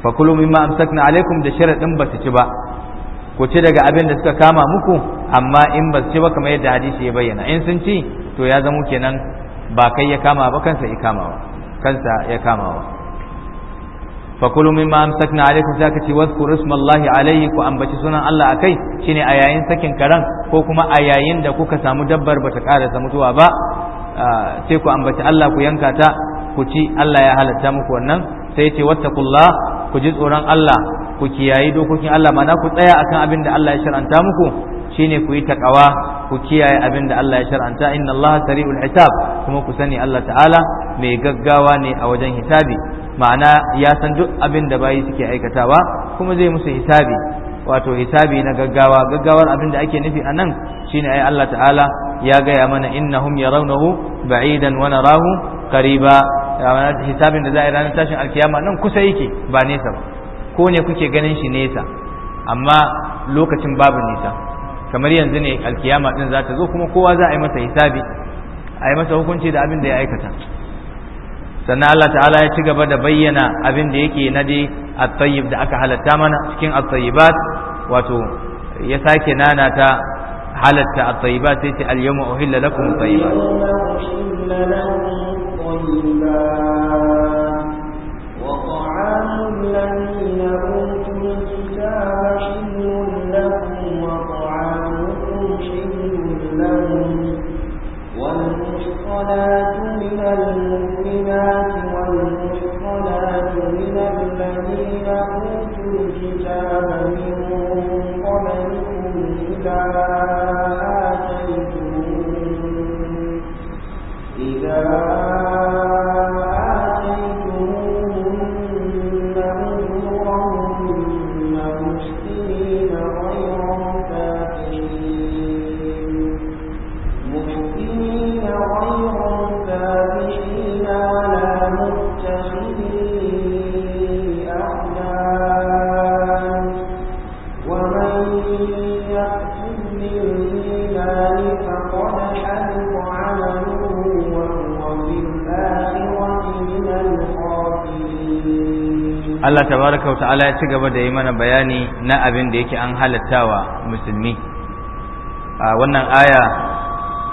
fa kulu mimma amsakna alaikum da sharadin ba su ci ba ku ci daga abin da suka kama muku amma in ba su ci ba kamar yadda hadisi ya bayyana in sun ci to ya zamo kenan ba kai ya kama ba kansa ya kama Ba kansa ya kama ba fa kullu mimma amsakna alaykum zaka ci wazkur ismallahi alayhi ku ambaci sunan Allah akai shine a yayin sakin karan ko kuma a yayin da kuka samu dabbar ba ta karasa mutuwa ba sai ku ambaci Allah ku yanka ta ku ci Allah ya halatta muku wannan sai ce wattaqullah ku ji tsoron Allah ku kiyaye dokokin Allah mana ku tsaya akan abin da Allah ya shar'anta muku shine ku yi takawa ku kiyaye abin da Allah ya shar'anta inna Allah sari'ul hisab kuma ku sani Allah ta'ala mai gaggawa ne a wajen hisabi ma'ana ya san duk abin da bayi suke aikatawa kuma zai musu hisabi wato hisabi na gaggawa gaggawar abin da ake nufi anan shine ai Allah ta'ala ya gaya mana innahum yarawnahu ba'idan wa narahu qariba hisabin da za a yi ranar tashin alkiyama nan kusa yake ba nesa ba ko ne kuke ganin shi nesa amma lokacin babu nisa kamar yanzu ne alkiyama din za ta zo kuma kowa za a yi masa hisabi a yi masa hukunci da abin da ya aikata sannan Allah ta'ala ya ci gaba da bayyana abin da yake na dai at da aka halatta mana cikin at-tayyibat wato ya sake nana ta halatta at-tayyibat sai ce al-yawma uhilla lakum at-tayyibat wa الذين أوتوا الكتاب حل لكم وطعامكم لهم والمحصنات من المؤمنات والمحصنات من الذين أوتوا الكتاب من قبلكم Allah tabaraka wa ta'ala ya ci gaba da yi mana bayani na abin da yake an halattawa musulmi a wannan aya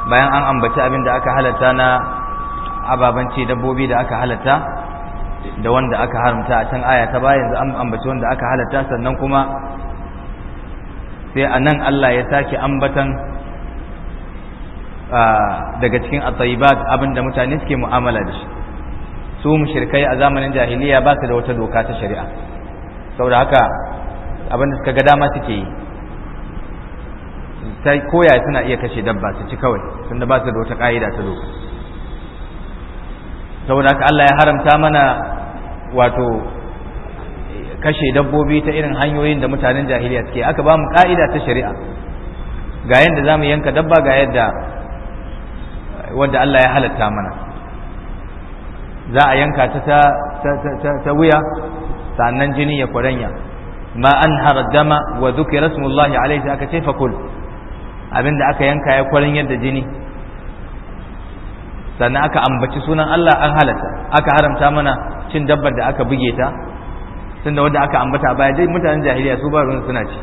bayan an ambaci abin da aka halatta na ababanci dabbobi da aka halatta da wanda aka haramta a can aya ta bayan an ambaci wanda aka halatta sannan kuma sai a nan Allah ya sake ambatan daga cikin atsayibat abin da mutane suke mu'amala da shi su mushirkai a zamanin jahiliya ba su da wata doka ta shari'a saboda haka abin da suka ga dama suke yi sai koya suna iya kashe dabba su ci kawai tunda ba su da wata ka'ida ta doka saboda haka Allah ya haramta mana wato kashe dabbobi ta irin hanyoyin da mutanen jahiliya suke aka ba mu ka'ida ta shari'a ga yadda za mu yanka dabba ga yadda wanda Allah ya halatta mana za a yanka ta ta wuya sannan jini ya kwaranya ma an haradama wa zuki rasulullahi alaihi aka ce fakul abinda aka yanka ya kwaranyar da jini sannan aka ambaci sunan Allah an halatta aka haramta mana cin dabbar da aka buge ta tunda wanda aka ambata baya dai mutanen jahiliya su ba ruwan suna ci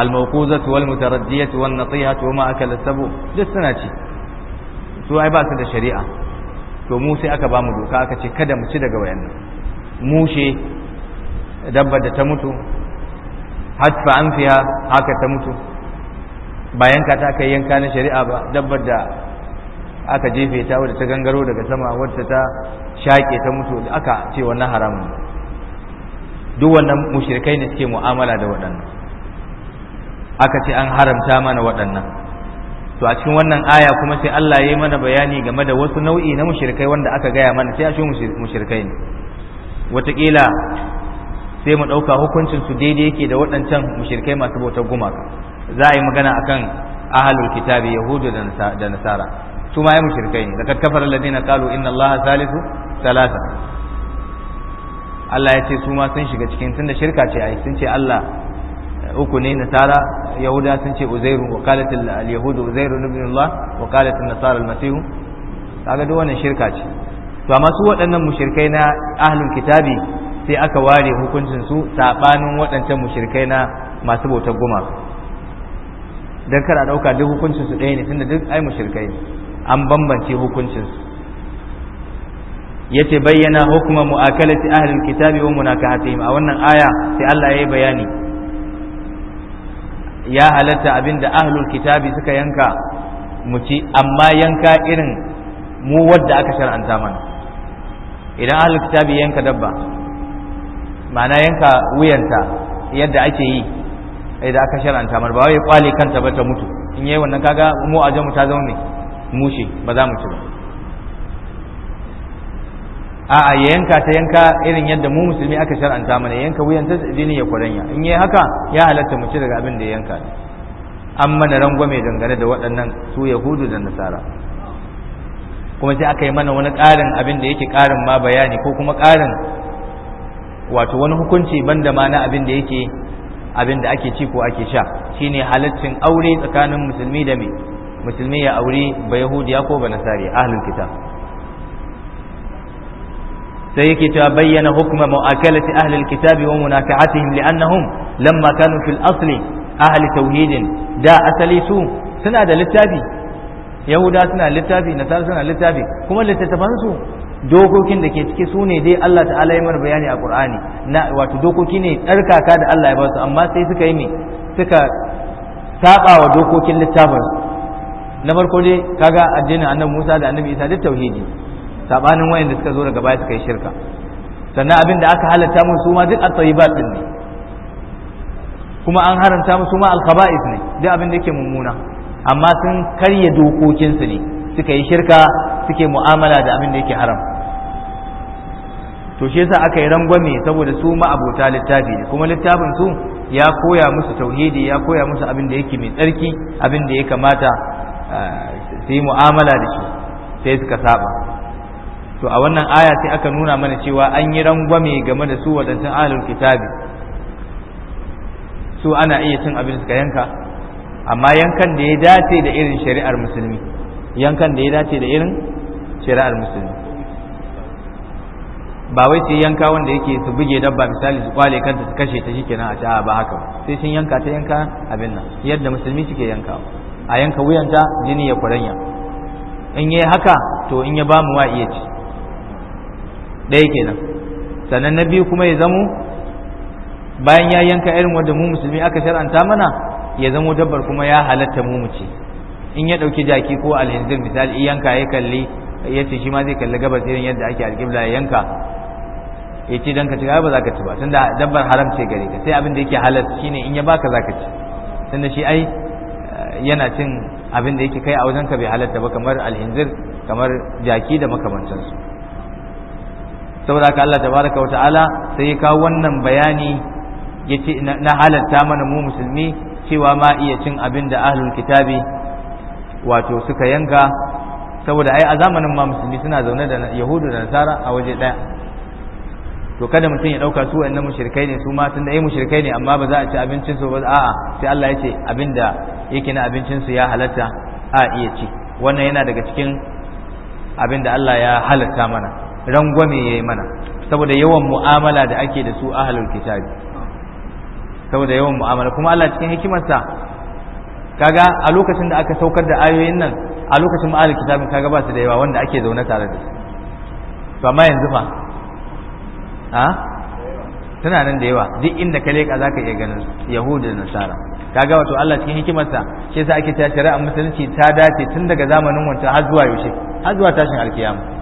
al-mawquzatu wal mutaraddiyatu wan natihatu wa ma akala sabu duk suna ci su ai ba su da shari'a to mu sai aka ba mu doka aka ce kada mu ci daga wayannan mushe dabbar da ta mutu hatfa an fiya haka ta mutu ba yanka ta kai yanka na shari'a ba dabba da aka jefe ta wadda ta gangaro daga sama wadda ta shaƙe ta mutu da aka ce wannan haramun duk wannan mushrikai ne suke mu'amala da waɗannan aka ce an haramta mana waɗannan to a cikin wannan aya kuma sai Allah ya yi mana bayani game da wasu nau'i na mushrikai wanda aka gaya mana sai a shi mushrikai ne wataƙila sai mu ɗauka hukuncin su daidai yake da waɗancan mushrikai masu bautar gumaka za a yi magana akan ahalul kitabi yahudu da nasara su ma ya mushrikai ne zakat kafara na qalu inna allaha salisu salasa Allah ya ce su ma sun shiga cikin tunda shirka ce ai sun ce Allah uku ne nasara yahuda sun ce uzairu wa qalat al yahudu uzairu ibn allah wa qalat an nasara al masih kaga duk wannan shirka ce to amma su waɗannan mushrikai na ahlul kitabi sai aka ware hukuncin su sabanin waɗancan mushrikai na masu bautar guma. dan kar a dauka duk hukuncin su ɗaya ne tunda duk ai mushrikai an bambance hukuncin su yace bayyana hukuma mu'akalati ahlul kitabi wa munakahatihim a wannan aya sai Allah ya yi bayani ya halatta abin da ahlul kitabi suka yanka mu ci amma yanka irin mu wadda aka shar'anta mana idan ahlul kitabi yanka dabba ma'ana yanka wuyanta yadda ake yi idan aka shar'anta mana ba wai kwale kanta ba ta mutu in yayi wannan kaga mu a mu ta zaune mushe ba za mu ci ba a'a ya yanka ta yanka irin yadda mu musulmi aka shar'anta mana yanka wuyan ta jini ya kwaranya in yi haka ya halatta mu ci daga abin da ya yanka an mana rangwame dangane da waɗannan su yahudu da nasara kuma sai aka yi mana wani ƙarin abin da yake ƙarin ma bayani ko kuma ƙarin wato wani hukunci banda ma na abin da yake abin da ake ci ko ake sha shine halaccin aure tsakanin musulmi da mai musulmi ya aure ba yahudiya ko ba nasari ahlul kitab sai yake cewa bayyana hukuma mu'akalati ahli alkitabi wa munafa'atihim li'annahum lamma kanu fil asli ahli tauhidin da asali su suna da littafi yahuda suna littafi nasara suna littafi kuma littattafan su dokokin da ke ciki su ne dai Allah ta'ala ya mar bayani a Qur'ani na wato dokoki ne tsarkaka da Allah ya ba su amma sai suka yi ne suka saba wa dokokin littafin na farko dai kaga addinin annabi Musa da annabi Isa duk tauhidi sabanin wayanda suka zo daga baya suka yi shirka sannan abin da aka halatta mun su ma duk at-tayyibat din ne kuma an haramta su ma al-khaba'ith ne duk abin da yake mummuna amma sun karya dokokin su ne suka yi shirka suke mu'amala da abin da yake haram to shi yasa aka yi rangwame saboda su ma abota littafi ne kuma littafin su ya koya musu tauhidi ya koya musu abin da yake mai tsarki abin da ya kamata eh, su mu'amala da shi sai suka saba to a wannan aya sai aka nuna mana cewa an yi rangwame game da su wadancan ahlul kitabi su ana iya cin abin suka yanka amma yankan da ya dace da irin shari'ar musulmi yankan da ya dace da irin shari'ar musulmi ba wai su yanka wanda yake su buge dabba misali su kwale kanta su kashe ta shikenan a ta ba haka sai sun yanka ta yanka abin nan yadda musulmi suke yanka a yanka wuyanta jini ya kwaranya in yi haka to in ya ba mu wa iya ci ɗaya kenan sannan na biyu kuma ya zamo bayan ya yanka irin wanda mu musulmi aka shar'anta mana ya zamo dabbar kuma ya halatta mu mu ce in ya ɗauki jaki ko alhinzir misali yanka ya kalli ya ce shi ma zai kalli gabas irin yadda ake alƙibla ya yanka ya ce don ka ci ba za ka ci ba tun da dabbar haram ce gare ka sai abin da yake halatta ne in ya baka za ka ci tun da shi ai yana cin abin da yake kai a wajen ka bai halatta ba kamar alhinzir kamar jaki da makamantansu saboda haka Allah tabaraka wata'ala sai ya kawo wannan bayani yace na halatta mana mu musulmi cewa ma iya cin abin da ahlul kitabi wato suka yanka saboda ai a zamanin ma musulmi suna zaune da yahudu da nasara a waje daya to kada mutum ya ɗauka su wayannan mushrikai ne su ma tun da ai mushrikai ne amma ba za a ci abincin su ba a'a sai Allah ya ce abinda yake na abincin su ya halatta a iya ci wannan yana daga cikin abin da Allah ya halatta mana rangwame yayi mana saboda yawan mu'amala da ake da su ahlul kitabi saboda yawan mu'amala kuma Allah cikin hikimarsa kaga a lokacin da aka saukar da ayoyin nan a lokacin ma'al kitabin kaga ba su da yawa wanda ake zaune tare da su to amma yanzu fa a tana nan da yawa duk inda ka leka zaka iya ganin yahudu da nasara kaga wato Allah cikin hikimarsa shi yasa ake ta shari'a musulunci ta dace tun daga zamanin wancan har zuwa yaushe har zuwa tashin alkiyama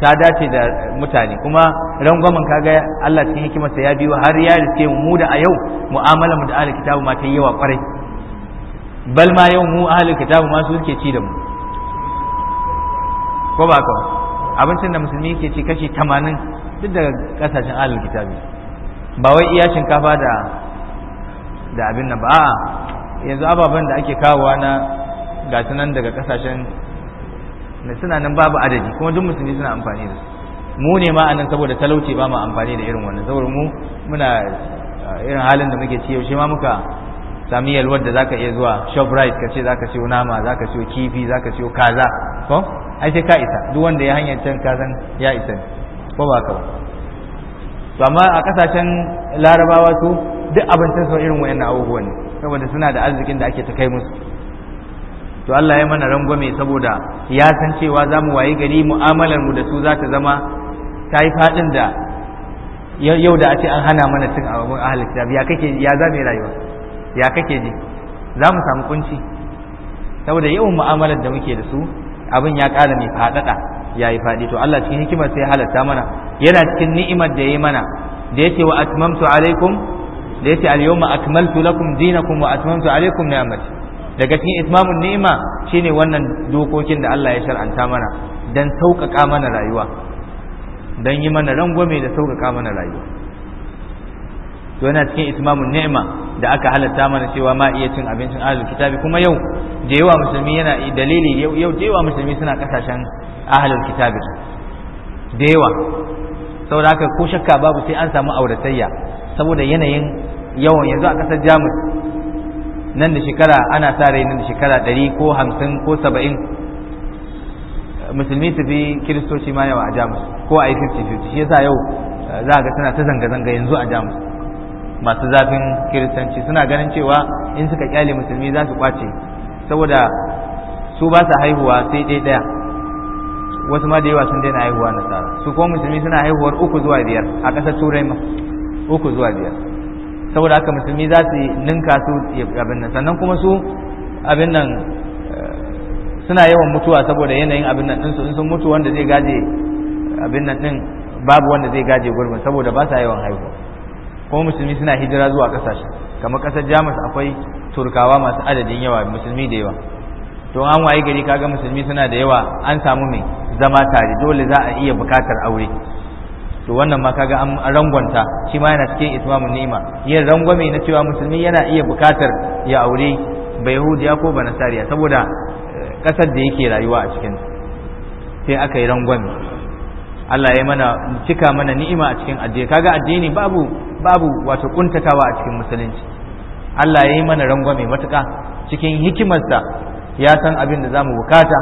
ta dace da mutane kuma rangwamin kaga Allah cikin hikimarsa ya biyo har ya rike mu da a yau mu'amalar mu da ahli kitabu ma ta yawa kwarai bal ma yau mu ahli kitabu ma su suke ci da mu ko ba ka abincin da musulmi yake ci kashi 80 duk daga kasashen ahli kitabu ba wai iya shinkafa da da abin nan ba a'a yanzu ababen da ake kawo na gasu nan daga kasashen suna nan babu adadi kuma duk musulmi suna amfani da su mu ne ma anan saboda talauci ba mu amfani da irin wannan saboda mu muna ah, irin halin da muke ci yaushe ma muka sami yalwar da zaka iya zuwa shoprite ka ce zaka siyo nama zaka siyo kifi zaka siyo kaza ko ai sai ka isa duk wanda ya hanyar can kazan ya isa ko ba ka to amma a kasashen larabawa su duk abincin su irin wayannan abubuwan ne saboda suna da arzikin da ake ta kai musu to Allah ya mana rangwame saboda ya san cewa za mu wayi gari mu'amalar mu da su za ta zama ta yi faɗin da yau da a ce an hana mana cin abubuwan ahal kitab ya kake ya za mai rayuwa ya kake ji za mu samu kunci saboda yawan mu'amalar da muke da su abin ya ƙara mai faɗaɗa ya yi faɗi to Allah cikin hikimar sai halatta mana yana cikin ni'imar da ya yi mana da ya ce wa atmamtu alaikum da yake al-yawma akmaltu lakum dinakum wa atmamtu alaikum ni'amati daga cikin itmamun ni'ima shine wannan dokokin da Allah ya shar'anta mana dan sauƙaƙa mana rayuwa dan yi mana rangwame da sauƙaƙa mana rayuwa to yana cikin itmamun ni'ima da aka halatta mana cewa ma iya cin abincin ahlul kitabi kuma yau da yawa musulmi yana dalili yau da yawa musulmi suna kasashen ahlul kitabi da yawa saboda haka ko shakka babu sai an samu auratayya saboda yanayin yawan yanzu a kasar jamus nan da shekara ana sa rai nan da shekara ɗari ko hamsin ko saba'in musulmi su fi kiristoci ma yawa a jamus ko a yi fifty fifty shi yasa yau eh, za ga suna ta zanga-zanga yanzu a jamus masu zafin kiristanci suna ganin cewa in suka kyale musulmi za su kwace saboda su ba su haihuwa sai ɗaya ɗaya wasu ma da yawa sun daina haihuwa nasara su kuma musulmi suna haihuwar uku zuwa biyar a ƙasar turai ma uku zuwa biyar saboda haka musulmi za su ninka su abin nan sannan kuma su abin nan eh, suna yawan mutuwa saboda yanayin abin nan ɗinsu in sun mutu wanda zai gaje abin nan ɗin babu wanda zai gaje gurbin saboda ba sa yawan haihuwa kuma musulmi suna hijira zuwa ƙasashe kamar kasar jamus akwai turkawa masu adadin yawa musulmi da yawa to an waye gari kaga musulmi suna da yawa an samu mai zama tare dole za a iya bukatar aure to wannan ma kaga an rangwanta shi ma yana cikin itmamun ni'ima yin rangwame na cewa musulmi yana iya bukatar ya aure ba yahudiya ko ba nasariya saboda eh, kasar da yake rayuwa a cikin sai aka yi rangwame Allah ya mana cika mana ni'ima a cikin addini kaga addini babu babu wato kuntatawa a cikin musulunci Allah ya yi mana rangwame matuka cikin hikimarsa ya san abin da zamu bukata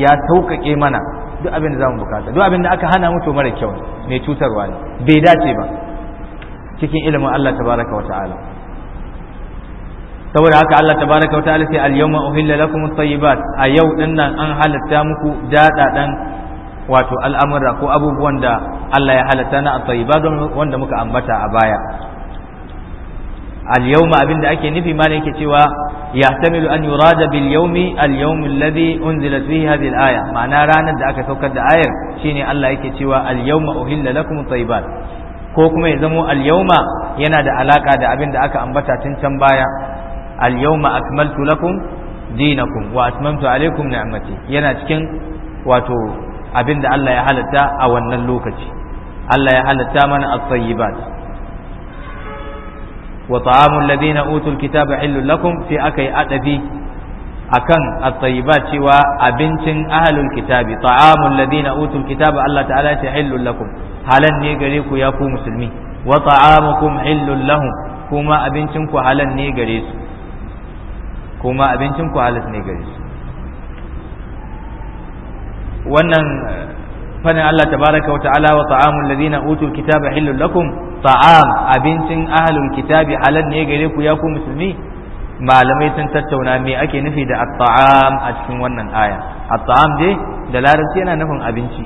ya sauƙaƙe mana duk abin da zamu bukata duk abin da aka hana mu mara kyau mai cutarwa ne bai dace ba cikin ilimin Allah tabaraka wa ta'ala saboda haka Allah tabaraka wa ta'ala sai al-yawma uhilla lakum at-tayyibat a yau din nan an halatta muku daɗaɗan wato al'amura ko abubuwan da Allah ya halatta na at-tayyibat wanda muka ambata a baya al-yawma abinda ake nufi ma ne yake cewa يحتمل أن يراد باليوم اليوم الذي أنزلت فيه هذه الآية معنى رانا دا أكا سوكت دا آية شيني الله يكي سوى اليوم أهل لكم الطيبات كوكما يزمو اليوم ينادى علاقة دا أبين دا أكا أنبتا تنتم بايا اليوم أكملت لكم دينكم وأتممت عليكم نعمتي ينادى كن واتو أبين دا الله يحالتا أو أن اللوكتي الله يحالتا من الطيبات wa ta'amul ladina utul kitaba hillul lakum sai aka yi adafi akan at-tayyibat cewa abincin ahlul kitabi ta'amul ladina utul kitaba Allah ta'ala ya hillul lakum halan ne gare ku ya ku musulmi wa ta'amukum hillul lahum kuma abincin halan wannan fadin Allah tabaraka wa alawa wa ta'amul ladina utul kitaba halal lakum ta'am abincin ahlul kitabi alan ne gare ku ya ku musulmi malamai sun tattauna me ake nufi da at-ta'am a cikin wannan aya at-ta'am dai da larabci yana nufin abinci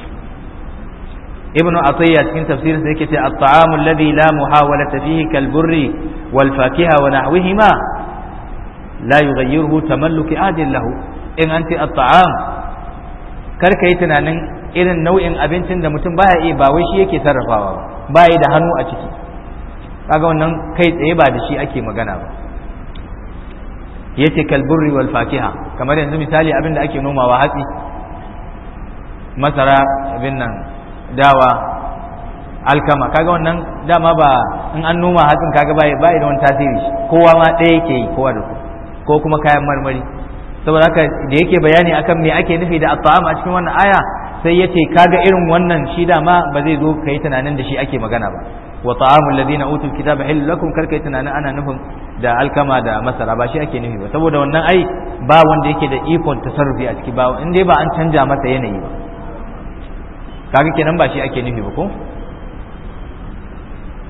ibnu atiyya cikin tafsirin sa yake ce at-ta'am alladhi la muhawalata fihi kal burri wal fakiha wa nahwihima la yughayyiruhu tamalluki adin lahu in anti at-ta'am kar ka yi tunanin irin nau'in abincin da mutum baya iya ba wai shi yake sarrafawa ba yi da hannu a ciki kaga wannan kai tsaye ba da shi ake magana ba yace kalburri wal fakiha kamar yanzu misali abin da ake nomawa hatsi masara abin nan dawa alkama kaga wannan dama ba in an noma hatsin kaga ba bai da wani tasiri kowa ma ɗaya yake yi kowa da ko kuma kayan marmari saboda haka da yake bayani akan me ake nufi da at a cikin wannan aya sai ya ce kaga irin wannan shi dama ba zai zo ka yi tunanin da shi ake magana ba wa ta'amul ladina utul kitaba hil lakum karka yi tunanin ana nufin da alkama da masara ba shi ake nufi ba saboda wannan ai ba wanda yake da ikon tasarrufi a ciki ba in dai ba an canja masa yanayi ba kaga kenan ba shi ake nufi ba ko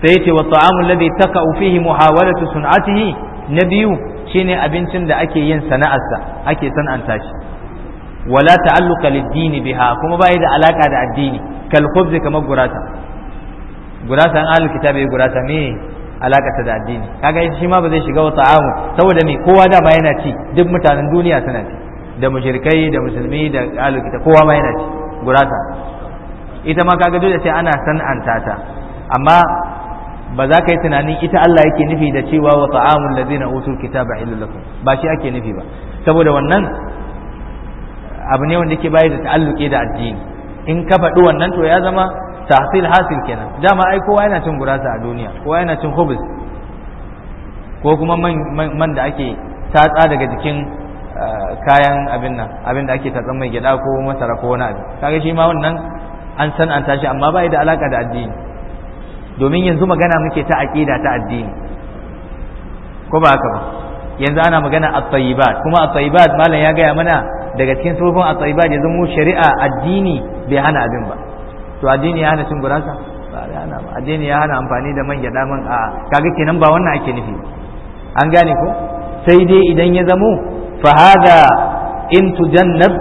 sai ce wa ta'amul ladhi taqa'u fihi muhawalatu sun'atihi na biyu shine abincin da ake yin sana'arsa ake san'anta shi wala ta'alluqa lid-dini biha kuma bai da alaka da addini kal khubz kamar gurasa gurasa an ahlul kitabi gurasa me alaka ta da addini kaga shi ma ba zai shiga wa ta'amu saboda me kowa da ba yana ci duk mutanen duniya suna ci da mushrikai da musulmi da ahlul kitabi kowa ma yana ci gurasa ita ma kaga dole sai ana san'anta ta amma ba za ka yi tunanin ita Allah yake nufi da cewa wa ta'amul ladina utul kitaba illa lakum ba shi ake nufi ba saboda wannan abu ne wanda yake bayar da ta'alluki da addini in ka faɗi wannan to ya zama tahsil hasil kenan dama ai kowa yana cin gurasa a duniya kowa yana cin hubis ko kuma man da ake tatsa daga jikin eh, kayan abin nan abin da ake tatsan mai gyada ko masara ko wani abu kaga shi ma wannan an san an tashi amma ba da alaka da addini domin yanzu magana muke ta aqida ta addini ko ba haka ba yanzu ana magana at-tayyibat kuma at-tayyibat malam ya gaya mana daga cikin sufofin a tsaiba da mu shari'a addini bai hana abin ba to addini ya hana cin gurasa ba ya hana ba addini ya hana amfani da man gyada man a kaga kenan ba wannan ake nufi an gane ko sai dai idan ya zamo fa hada in tujannab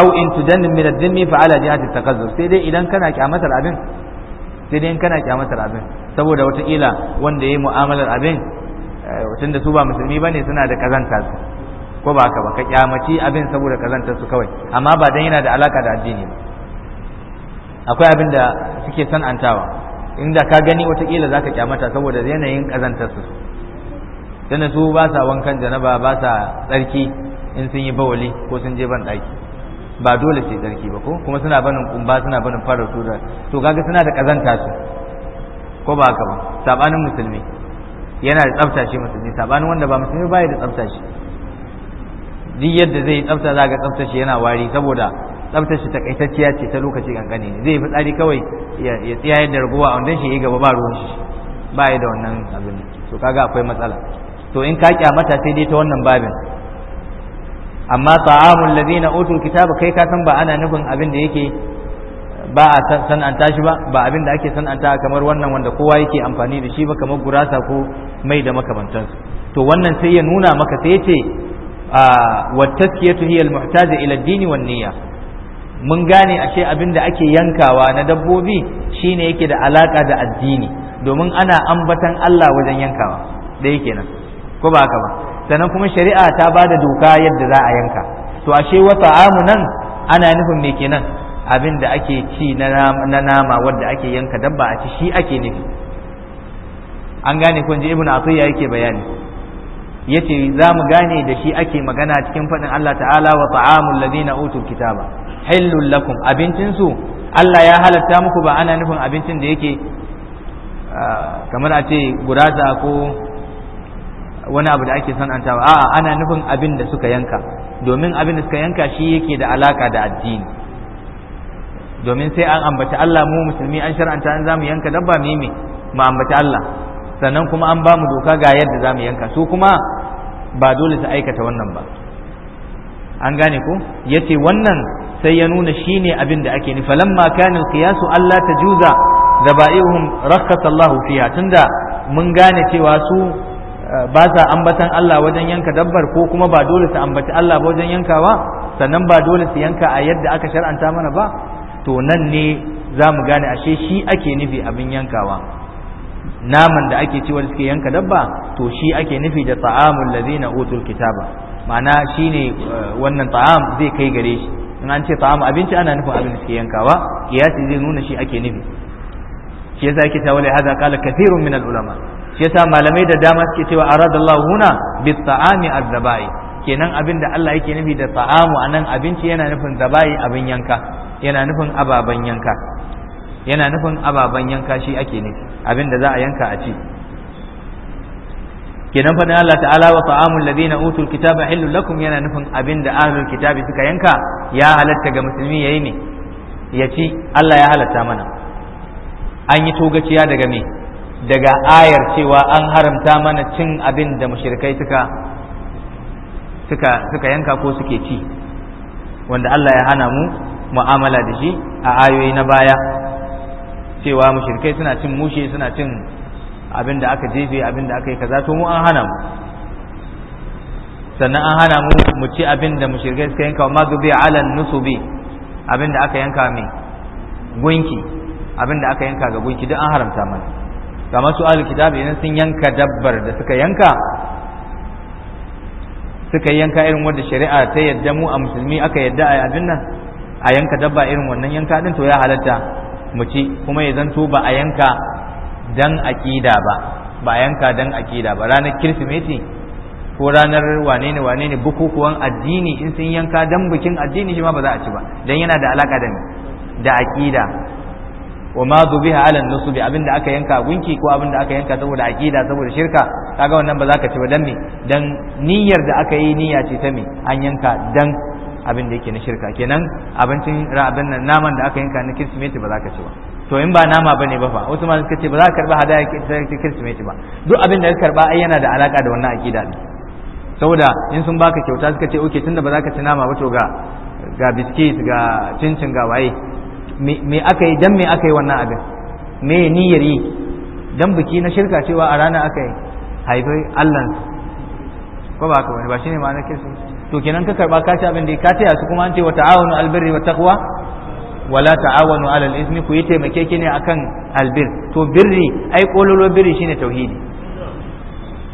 aw in tujannab min ad-dhimmi fa ala jihati at-taqazzur sai dai idan kana kyamatar abin sai dai kana kyamatar abin saboda wata ila wanda ya yi mu'amalar abin wanda eh, su ba musulmi bane suna da kazanta su ko ba ka ba ka kyamaci abin saboda kazantar su kawai amma ba dan yana da alaka da addini ba akwai abin da suke san'antawa inda ka gani watakila za ka kyamata saboda yanayin kazantar su tana su ba sa wankan janaba ba sa tsarki in sun yi bawali ko sun je ban ɗaki ba dole sai tsarki ba ko kuma suna banin kumba suna banin fara tura to kaga suna da kazanta su ko ba ka ba sabanin musulmi yana da tsafta shi musulmi sabanin wanda ba musulmi ba ya da tsafta shi duk yadda zai tsafta za ga tsafta yana wari saboda tsaftace shi takaitacciya ce ta lokaci kankani zai fi tsari kawai ya tsaya yadda ragowa a wanda shi ya gaba ba ruwan shi ba da wannan abin to kaga akwai matsala to in ka kyamata sai dai ta wannan babin amma ta'amul ladina utul kitaba kai ka san ba ana nufin abin da yake ba a san'anta shi ba ba abin da ake san'anta kamar wannan wanda kowa yake amfani da shi ba kamar gurasa ko mai da makamantansu to wannan sai ya nuna maka sai ce wa taskiyatu hiya almuhtaja ila ad-din wan niyya mun gane ashe abin da ake yankawa na dabbobi shine yake da alaka da addini domin ana ambatan Allah wajen yankawa da yake nan ko ba haka ba sannan kuma shari'a ta ba da doka yadda za a yanka to ashe wata ta'amu nan ana nufin me kenan abin da ake ci na nama wadda ake yanka dabba a ci shi ake nufi an gane kun ji ibnu atiya yake bayani yace za mu gane da shi ake magana cikin faɗin Allah ta'ala wa ta'amul ladina utul kitaba halul lakum abincin su Allah ya halatta muku ba ana nufin abincin da yake ah, kamar a ce guraza ko wani abu da ake sanantawa a'a ana nufin abin da suka yanka domin abin da suka yanka shi yake da alaka da addini domin sai an ambaci Allah mu musulmi an shar'anta an zamu yanka dabba meme mu ambaci Allah sannan kuma an ba mu doka ga yadda za mu yanka su kuma ba dole su aikata wannan ba an gane ko ya ce wannan sai ya nuna shi ne abin da ake ni falamma kana kiyasu Allah ta juza zaba'ihum rakhasa Allah fiha tunda mun gane cewa su eh, ba sa ambatan Allah wajen yanka dabbar ko kuma ba dole su ambaci Allah ba wajen yankawa sannan ba dole su yanka a yadda aka shar'anta mana ba to nan ne za mu gane ashe shi ake nufi abin yankawa naman da ake cewa suke yanka dabba to shi ake nufi da ta'amul ladina utul kitaba ma'ana shine eh, wannan ta'am zai kai gare shi in an ce ta'am abinci ana nufin abin da suke yankawa kiyasi zai nuna shi ake nufi shi yasa ake tawali hada kala kathirun min al ulama shi yasa malamai da dama suke cewa aradallahu huna bit ta'ami az-zabai kenan abin da Allah yake nufi da ta'amu anan abinci yana nufin zabai abin yanka yana nufin ababan yanka yana nufin ababen yanka shi ake ne abin da za a yanka a ci kenan fadin Allah ta'ala wa ta'amul ladina utul kitaba hillu lakum yana nufin abin da ahlul kitabi suka yanka ya halatta ga musulmi yayi ne ya ci Allah ya halatta mana an yi togaciya daga me daga ayar cewa an haramta mana cin abin da mushrikai suka suka suka yanka ko suke ci wanda Allah ya hana mu mu'amala da shi a ayoyi na baya cewa mushrikai suna cin mushe suna cin abin da aka jefe abin da aka yi kaza to mu an hana mu sannan an hana mu mu ci abin da mushrikai suka yanka magbi ala nusubi abin da aka yanka mai gunki abin da aka yanka ga gunki duk an haramta mana ga masu ahlul kitab idan sun yanka dabbar da suka yanka suka yanka irin wanda shari'a ta yadda mu a musulmi aka yadda a abin nan a yanka dabba irin wannan yanka din to ya halatta mu ci kuma ya zanto ba a yanka dan aƙida ba ba a yanka dan akida ba ranar kirsimeti ko ranar wane ne wane ne bukukuwan addini in sun yanka dan bikin addini shi ma ba za a ci ba dan yana da alaka da da akida wa ma zubiha ala nusubi abinda aka yanka gunki ko abinda aka yanka saboda akida saboda shirka kaga wannan ba za ka ci ba dan me dan niyyar da aka yi niyya ce ta me an yanka dan abin da yake na shirka kenan abincin rabin nan naman da aka yanka na kirsimeti ba za ka ci ba to in ba nama bane ba fa wasu ma suka ce ba za ka karba hadaya ta kirsimeti ba duk abin da ka karba ai yana da alaka da wannan akida ne saboda in sun baka kyauta suka ce okay tunda ba za ka ci nama ba to ga ga biskit ga cincin ga waye me aka yi dan me aka yi wannan abin me niyyar yi dan biki na shirka cewa a rana aka yi haifi allan ko ba ka wani ba shine ma na kirsimeti to kenan ka karba kashi abin da ka taya su kuma an ce wa ta'awanu albirri wa taqwa wala ta'awanu alal ithmi ku yi taimake ki ne akan albir to birri ai kololo birri shine tauhidi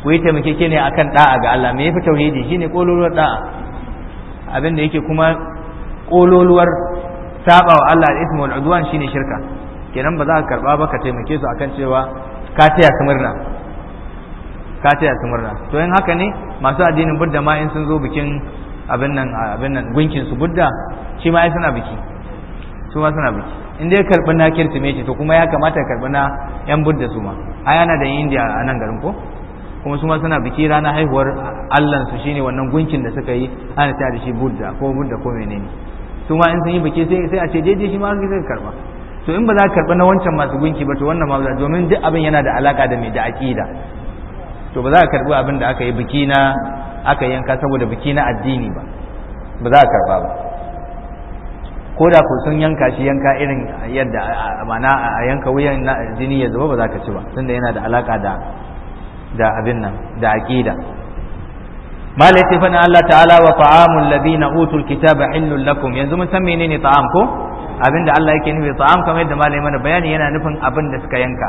ku yi taimake ki ne akan da'a ga Allah me yafi tauhidi shine kololo da'a abin da yake kuma kololuwar saba wa Allah al ithmi wal udwan shine shirka kenan ba za ka karba ba ka taimake su akan cewa ka taya su murna ka taya su murna to in haka ne masu addinin budda ma in sun zo bikin abin nan abin nan gunkin su budda shi ma ya suna biki su ma suna biki in dai karɓi na kirsimeti to kuma ya kamata karɓi na yan budda su ma a yana da indiya a nan garin ko kuma su ma suna biki ranar haihuwar allan su shine wannan gunkin da suka yi ana ta da shi budda ko budda ko menene su ma in sun yi biki sai a ce jeje shi ma sai karɓa to in ba za ka karɓi na wancan masu gunki ba to wannan ma domin duk abin yana da alaka da mai da aƙida to ba za a karbi abin da aka yi biki na aka yanka saboda biki na addini ba ba za a karba ba ko da ku sun yanka shi yanka irin yadda mana a yanka wuyan na addini ya zuba ba za ka ci ba tunda yana da alaka da da abin nan da aqida malai sai fana Allah ta'ala wa ta'amul ladina utul kitaba hillul lakum yanzu mun san menene ta'am ko abinda Allah yake nufi ta'am kamar yadda malai mana bayani yana nufin abin da suka yanka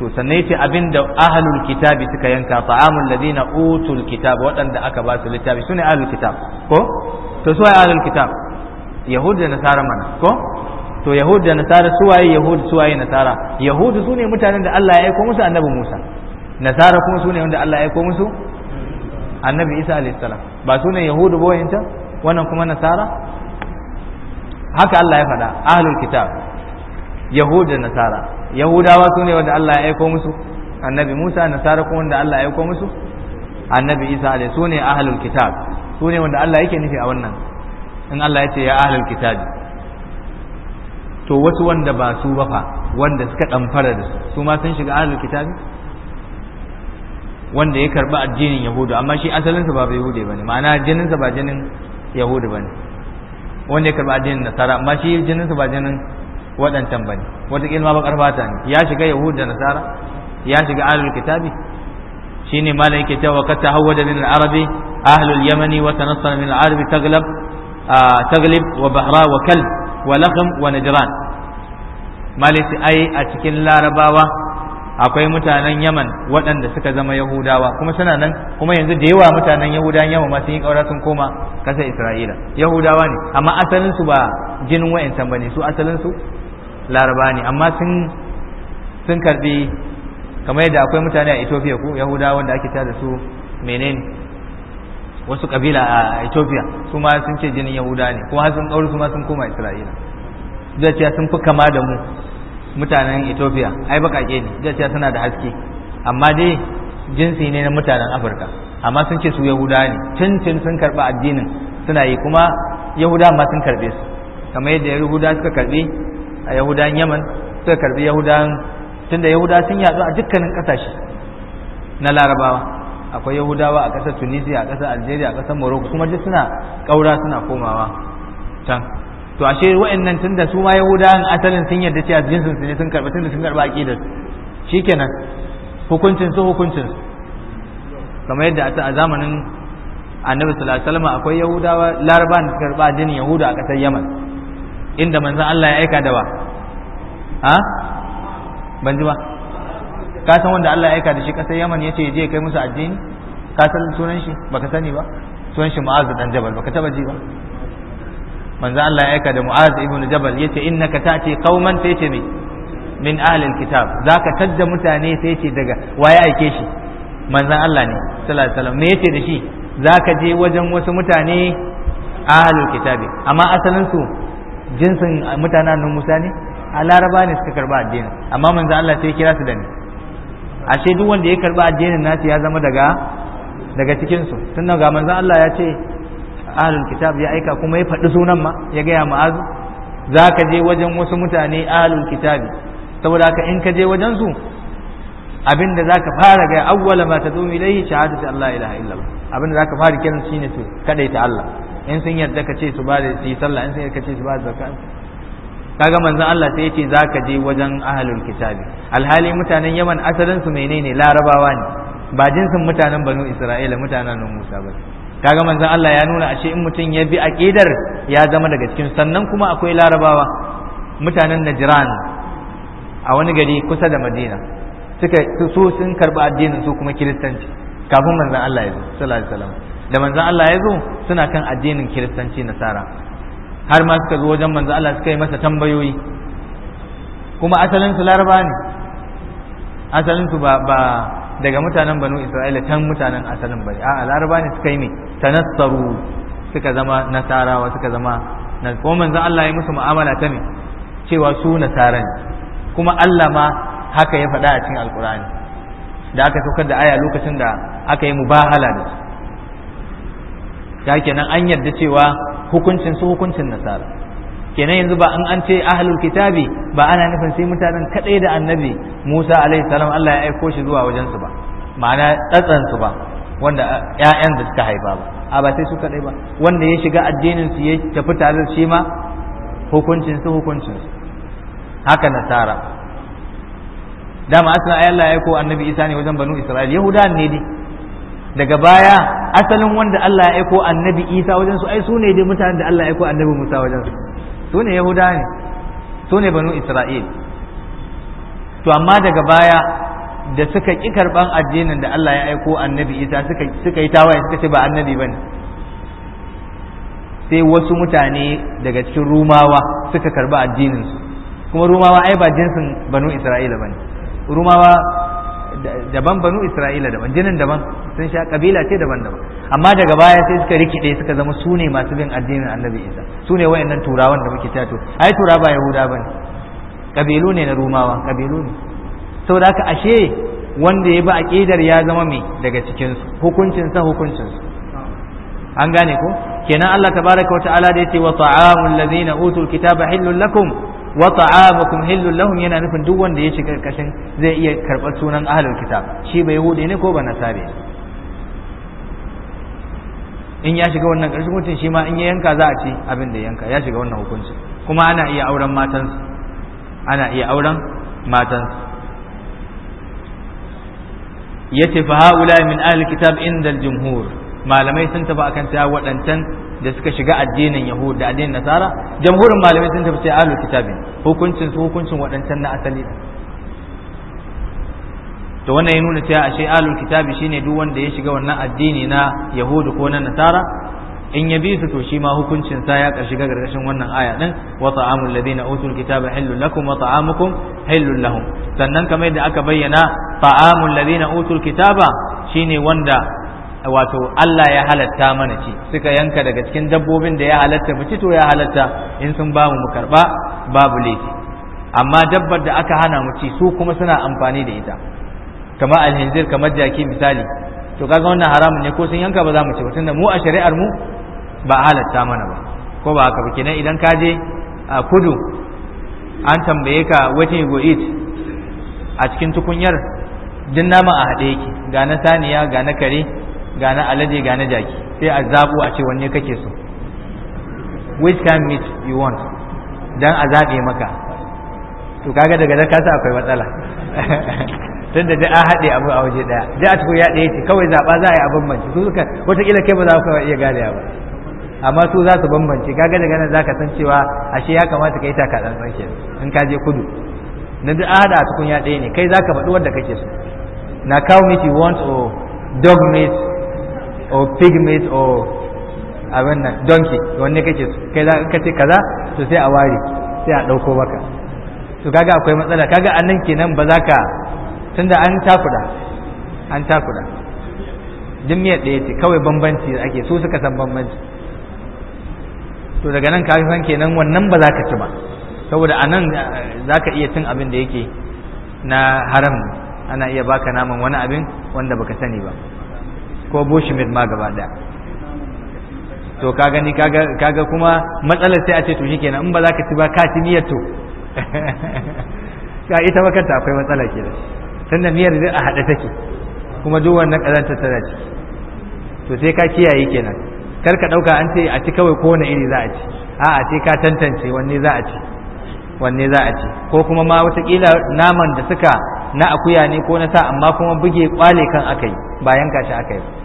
to sannan yace abinda ahlul kitabi suka yanka ta'amul ladina utul kitab waɗanda aka ba su littafi sune ahlul kitab ko to suwaye ahlul kitab yahud da nasara mana ko to yahud da nasara suwaye yahud suwaye nasara yahud sune mutanen da Allah ya aika musu annabi Musa nasara kuma sune wanda Allah ya aika musu annabi Isa alayhi salam ba sune yahudu ba wayanta wannan kuma nasara haka Allah ya faɗa ahlul kitab yahud da nasara yahudawa su ne wanda Allah ya aiko musu annabi Musa nasara kuma wanda Allah ya aiko musu annabi Isa alai su ne ahlul kitab su ne wanda Allah yake nufi a wannan in Allah ya ce ya ahlul kitab to wasu wanda ba su ba fa wanda suka damfara da su su ma sun shiga ahlul kitab wanda ya karba addinin yahudu amma shi asalinsa ba ba bane ma'ana jininsa ba jinin yahudu bane wanda ya karba addinin nasara amma shi jininsa ba jinin waɗancan bane wataƙila ma baƙar fata ne ya shiga yahud da nasara ya shiga ahlul kitabi shine ma yake cewa ka tahawwada min al-arabi ahlul yamani wa tanassara min al-arabi taglab taglib wa bahra wa kalb wa lakham wa najran malisi ai a cikin larabawa akwai mutanen yaman waɗanda suka zama yahudawa kuma suna nan kuma yanzu da yawa mutanen yahudawan yaman ma sun yi ƙaura sun koma ƙasar isra'ila yahudawa ne amma asalinsu ba jinin wa'ancan bane su asalinsu? laraba ne amma sun sun karbi kamar yadda akwai mutane a Ethiopia ko Yahudawa wanda ake tada su menene wasu kabila a Ethiopia su ma sun ce jinin Yahuda ne kuma sun kauri su ma sun koma Isra'ila zai ce sun fi kama da mu mutanen Ethiopia ai bakake ne zai ce suna da haske amma dai jinsi ne na mutanen Afirka amma sun ce su Yahuda ne tun tun sun karba addinin suna yi kuma Yahuda ma sun karbe su kamar yadda Yahuda suka karbe a yahudan yaman suka karbi yahudan tunda yahuda sun yadu a dukkanin kasashe na larabawa akwai yahudawa a ƙasar tunisia a ƙasar algeria a ƙasar morocco kuma duk suna ƙaura suna komawa can to ashe wa'annan tunda su ma yahudan asalin sun yarda cewa jinsin su ne sun karbi tunda sun karba aqidar shikenan hukuncin su hukuncin kamar yadda a zamanin annabi sallallahu alaihi wasallam akwai yahudawa larabawa suka karba addinin yahuda a ƙasar yaman inda manzan Allah ya aika da ba ha ban ji ba ka san wanda Allah ya aika da shi kasar Yaman yace je kai musu addini ka san sunan shi baka sani ba sunan shi Mu'az dan Jabal baka taba ji ba manzan Allah ya aika da Mu'az ibn Jabal yace innaka ta'ti qauman sai yace me min ahli alkitab zaka tadda mutane sai yace daga waye aike shi manzan Allah ne sallallahu alaihi wasallam me yace da shi zaka je wajen wasu mutane ahli kitabi amma asalin su jinsin mutanen musa ne a laraba ne suka karba addinin amma manzo Allah sai kira su da ni ashe duk wanda ya karba addinin nasu ya zama daga daga cikin su tun ga manzo Allah ya ce ahlul kitab ya aika kuma ya faɗi sunan ma ya gaya ma'azu za ka je wajen wasu mutane ahlul kitabi saboda ka in ka je wajen su abin da zaka fara ga awwala ma tadumi ilayhi shahadatu an la ilaha illallah abin da zaka fara kiran shine to kadaita Allah in sun yarda ka ce su ba da su yi sallah in sun yarda ka ce su ba da ka kaga manzon Allah sai yace zaka je wajen ahlul kitabi alhali mutanen Yaman asalin su menene larabawa ne ba jinsin mutanen banu Isra'ila mutanen Musa ba kaga manzon Allah ya nuna ashe in mutum ya bi aqidar ya zama daga cikin sannan kuma akwai larabawa mutanen Najran a wani gari kusa da Madina suka su sun karba addinin su kuma kiristanci kafin manzon Allah ya zo sallallahu alaihi wasallam da manzan Allah ya zo suna kan addinin kiristanci nasara har ma suka zo wajen manzan Allah suka yi masa tambayoyi kuma asalin su laraba ne asalin su ba ba daga mutanen banu isra'ila can mutanen asalin bane a laraba ne suka yi ne tanassaru suka zama nasarawa suka zama na kuma manzan Allah ya musu mu'amala ta ne cewa su nasara ne kuma Allah ma haka ya faɗa a cikin alkurani da aka saukar da aya lokacin da aka yi mubahala da su ta kenan an yarda cewa hukuncin su hukuncin nasara kenan yanzu ba an an ce ahlul kitabi ba ana nufin sai mutanen kadai da annabi Musa alaihi salam Allah ya aiko shi zuwa wajen su ba ma'ana tsatsan su ba wanda ƴaƴan da suka haifa ba a ba sai su kadai ba wanda ya shiga addinin su ya tafi tare shi ma hukuncin su hukuncin su haka nasara dama asalin ayyalla ya aiko annabi Isa ne wajen banu Isra'il yahudan ne dai daga baya asalin wanda Allah ya aiko annabi Isa wajen su ai su ne dai mutanen da Allah ya aiko annabi Musa wajen su su ne Yahuda ne su ne banu Isra'il to amma daga baya da suka ƙi karban addinin da Allah ya aiko annabi Isa suka suka yi tawaye suka ce ba annabi bane sai wasu mutane daga cikin Rumawa suka karba addinin su kuma Rumawa ai ba jinsin banu Isra'ila bane Rumawa daban banu isra'ila daban jinin daban sun sha kabila ce daban daban amma daga baya sai suka rikide suka zama su ne masu bin addinin annabi isa su ne wayannan turawan da muke to ai tura ba yahuda bane kabilu ne na rumawa kabilu ne saboda haka ashe wanda ya bi aqidar ya zama mai daga cikin su hukuncin sa hukuncin su an gane ko kenan Allah tabaraka wa ta'ala da yace wa ta'amul ladina utul kitaba hillul lakum wa ta'amukum hillul lahum yana nufin duk wanda ya shiga karkashin zai iya karɓar sunan ahlul kitab shi bai yahudi ne ko ba nasare in ya shiga wannan karshen mutum shi ma in ya yanka za a ci abin da yanka ya shiga wannan hukunci kuma ana iya auren matansu ana iya auren matan ya ce fa ha'ula min ahlul kitab inda jumhur malamai sun tafi akan ta waɗancan da suka shiga addinin yahud da addinin nasara jamhurin malamai sun tafi sai ahlul kitabin hukuncin su hukuncin waɗancan na asali to wannan ya nuna cewa ashe ahlul kitabi shine duk wanda ya shiga wannan addini na yahudu ko na nasara in ya bi su to shi ma hukuncin sa ya karshi ga gargashin wannan aya din wa ta'amul ladina utul kitaba halul lakum wa ta'amukum halul lahum sannan kamar yadda aka bayyana ta'amul ladina utul kitaba shine wanda wato Allah ya halatta mana ce suka yanka daga cikin dabbobin da ya halatta mu ci to ya halatta in sun bamu mu karba babu laifi amma dabbar da aka hana mu ci su kuma suna amfani da ita kamar alhinzir kamar jaki misali to kaga wannan haramun ne ko sun yanka ba za mu ci ba tunda mu a shari'ar mu ba halatta mana ba ko ba haka ba kenan idan ka je a kudu an tambaye ka wace go eat a cikin tukunyar duk nama a haɗe yake ga na saniya ga na kare ga na alade ga na jaki sai a zabu a ce wanne kake so which kind meat you want dan a zabe maka to kaga daga da kasa akwai matsala tunda da an haɗe abu a waje ɗaya da a cikin ya ɗaya ce kawai zaɓa za a yi a manci su suka wataƙila kai ba za ka iya gane ba amma su za su bambance kaga daga nan za ka san cewa ashe ya kamata ka yi taka tsantsan ke in ka je kudu na duk an haɗa a cikin ya ɗaya ne kai za ka faɗi wanda kake so na cow meat you want or dog meat or pigment or a wannan donkey wanne kake su kai za ka ce kaza to sai a ware sai a ɗauko maka to kaga akwai matsala kaga annan kenan ba za ka da an takuda an takuda duk miyar ɗaya ce kawai bambanci ake su suka san bambanci to daga nan ka san kenan wannan ba za ka ci ba saboda a nan eh, za ka iya cin abin da yake na haram ana iya baka naman wani abin wanda baka sani ba ko bushmit ma gaba daya to ka gani kaga kuma matsalar sai a ce to shi kenan, in ba za ka ci ba ka ci niyyar to ka ita makanta akwai matsala ke da tunda niyyar zai a haɗe take kuma duk wannan ƙazantar tana dace, to sai ka kiyaye kenan kar ka ɗauka an ce a ci kawai ko wani iri za a ci a'a sai ka tantance wanne za a ci wanne za a ci ko kuma ma watakila naman da suka na akuya ne ko na sa amma kuma buge kwale kan aka yi ba yanka shi aka yi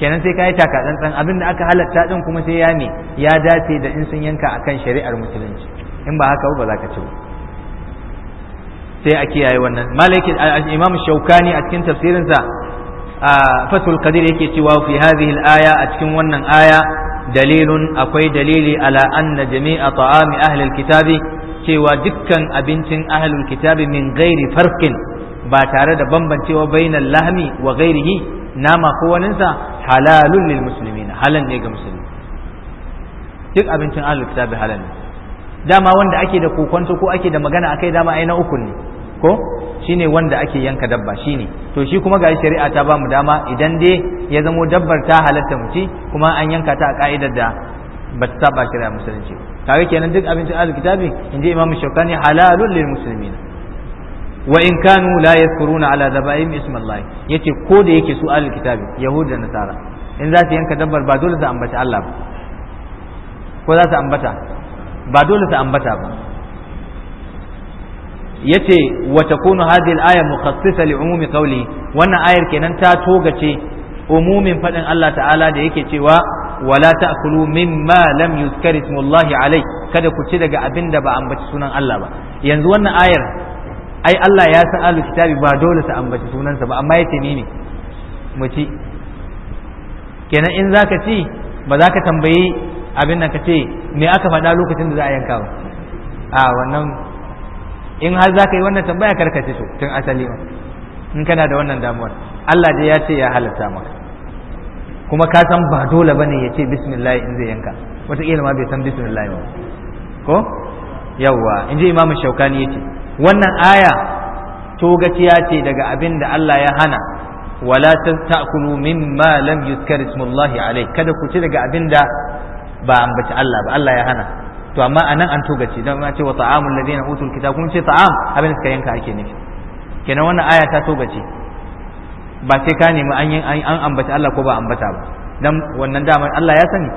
kenan sai ka yi taka tsantsan abin da aka halatta din kuma sai ya ne ya dace da in sun yanka akan shari'ar musulunci in ba haka ba za ka ci ba sai a kiyaye wannan malaki imam shaukani a cikin tafsirinsa a fatul qadir yake cewa fi hadhihi al-aya a cikin wannan aya dalilun akwai dalili ala anna jami'a ta'ami ahli al-kitabi cewa dukkan abincin ahlul kitabi min ghairi farqin ba tare da bambancewa bainal lahmi wa ghairihi nama ko waninsa halalun lil muslimina halal ne ga musulmi duk abincin ahlul kitabi halal ne dama wanda ake da kokonto ko ake da magana akai dama ai na uku ne ko shine wanda ake yanka dabba shine to shi kuma ga shari'a ta bamu dama idan dai ya zamo dabbar ta halatta mu kuma an yanka ta a ka'idar da ba ta ba shari'a musulunci kaga kenan duk abincin ahlul kitabi inji imamu shaukani halalun lil muslimina wa in kanu la yadhkuruna ala dhabaihim ismallahi yace ko da yake su ahlul kitabi yahud da nasara in za su yanka dabbar ba dole su ambata Allah ba ko za su ambata ba dole su ambata ba yace wa takunu hadhihi al-aya mukhassisa li umumi qawli wannan ayar kenan ta togace umumin fadin Allah ta'ala da yake cewa wala ta'kulu mimma lam yuzkar ismullahi alai kada ku ci daga abinda ba ambaci sunan Allah ba yanzu wannan ayar ai Allah ya san alu kitabi ba dole su ambaci sunansa ba amma yace ni ne mu ci kenan in zaka ci ba za ka tambayi abin da ka ce me aka faɗa lokacin da za a yanka ba a wannan in har za ka yi wannan tambaya karkace su tun asali in kana da wannan damuwar Allah dai ya ce ya halatta maka kuma ka san ba dole ba ne ya ce bismillah in zai yanka wataƙila ma bai san bismillah ba ko yawwa in ji imamu shaukani ya ce wannan aya togaciya ce daga abin da Allah ya hana wala ta'kulu mimma lam yuzkar ismullahi alai kada ku ci daga abin da ba ambaci Allah ba Allah ya hana to amma anan an togace dan ma ce wa ta'amul ladina utul kitab kun ce ta'am abin da suka yanka ake nufi kenan wannan aya ta togace ba sai ka nemi an an ambaci Allah ko ba ambata ba dan wannan damar Allah ya sani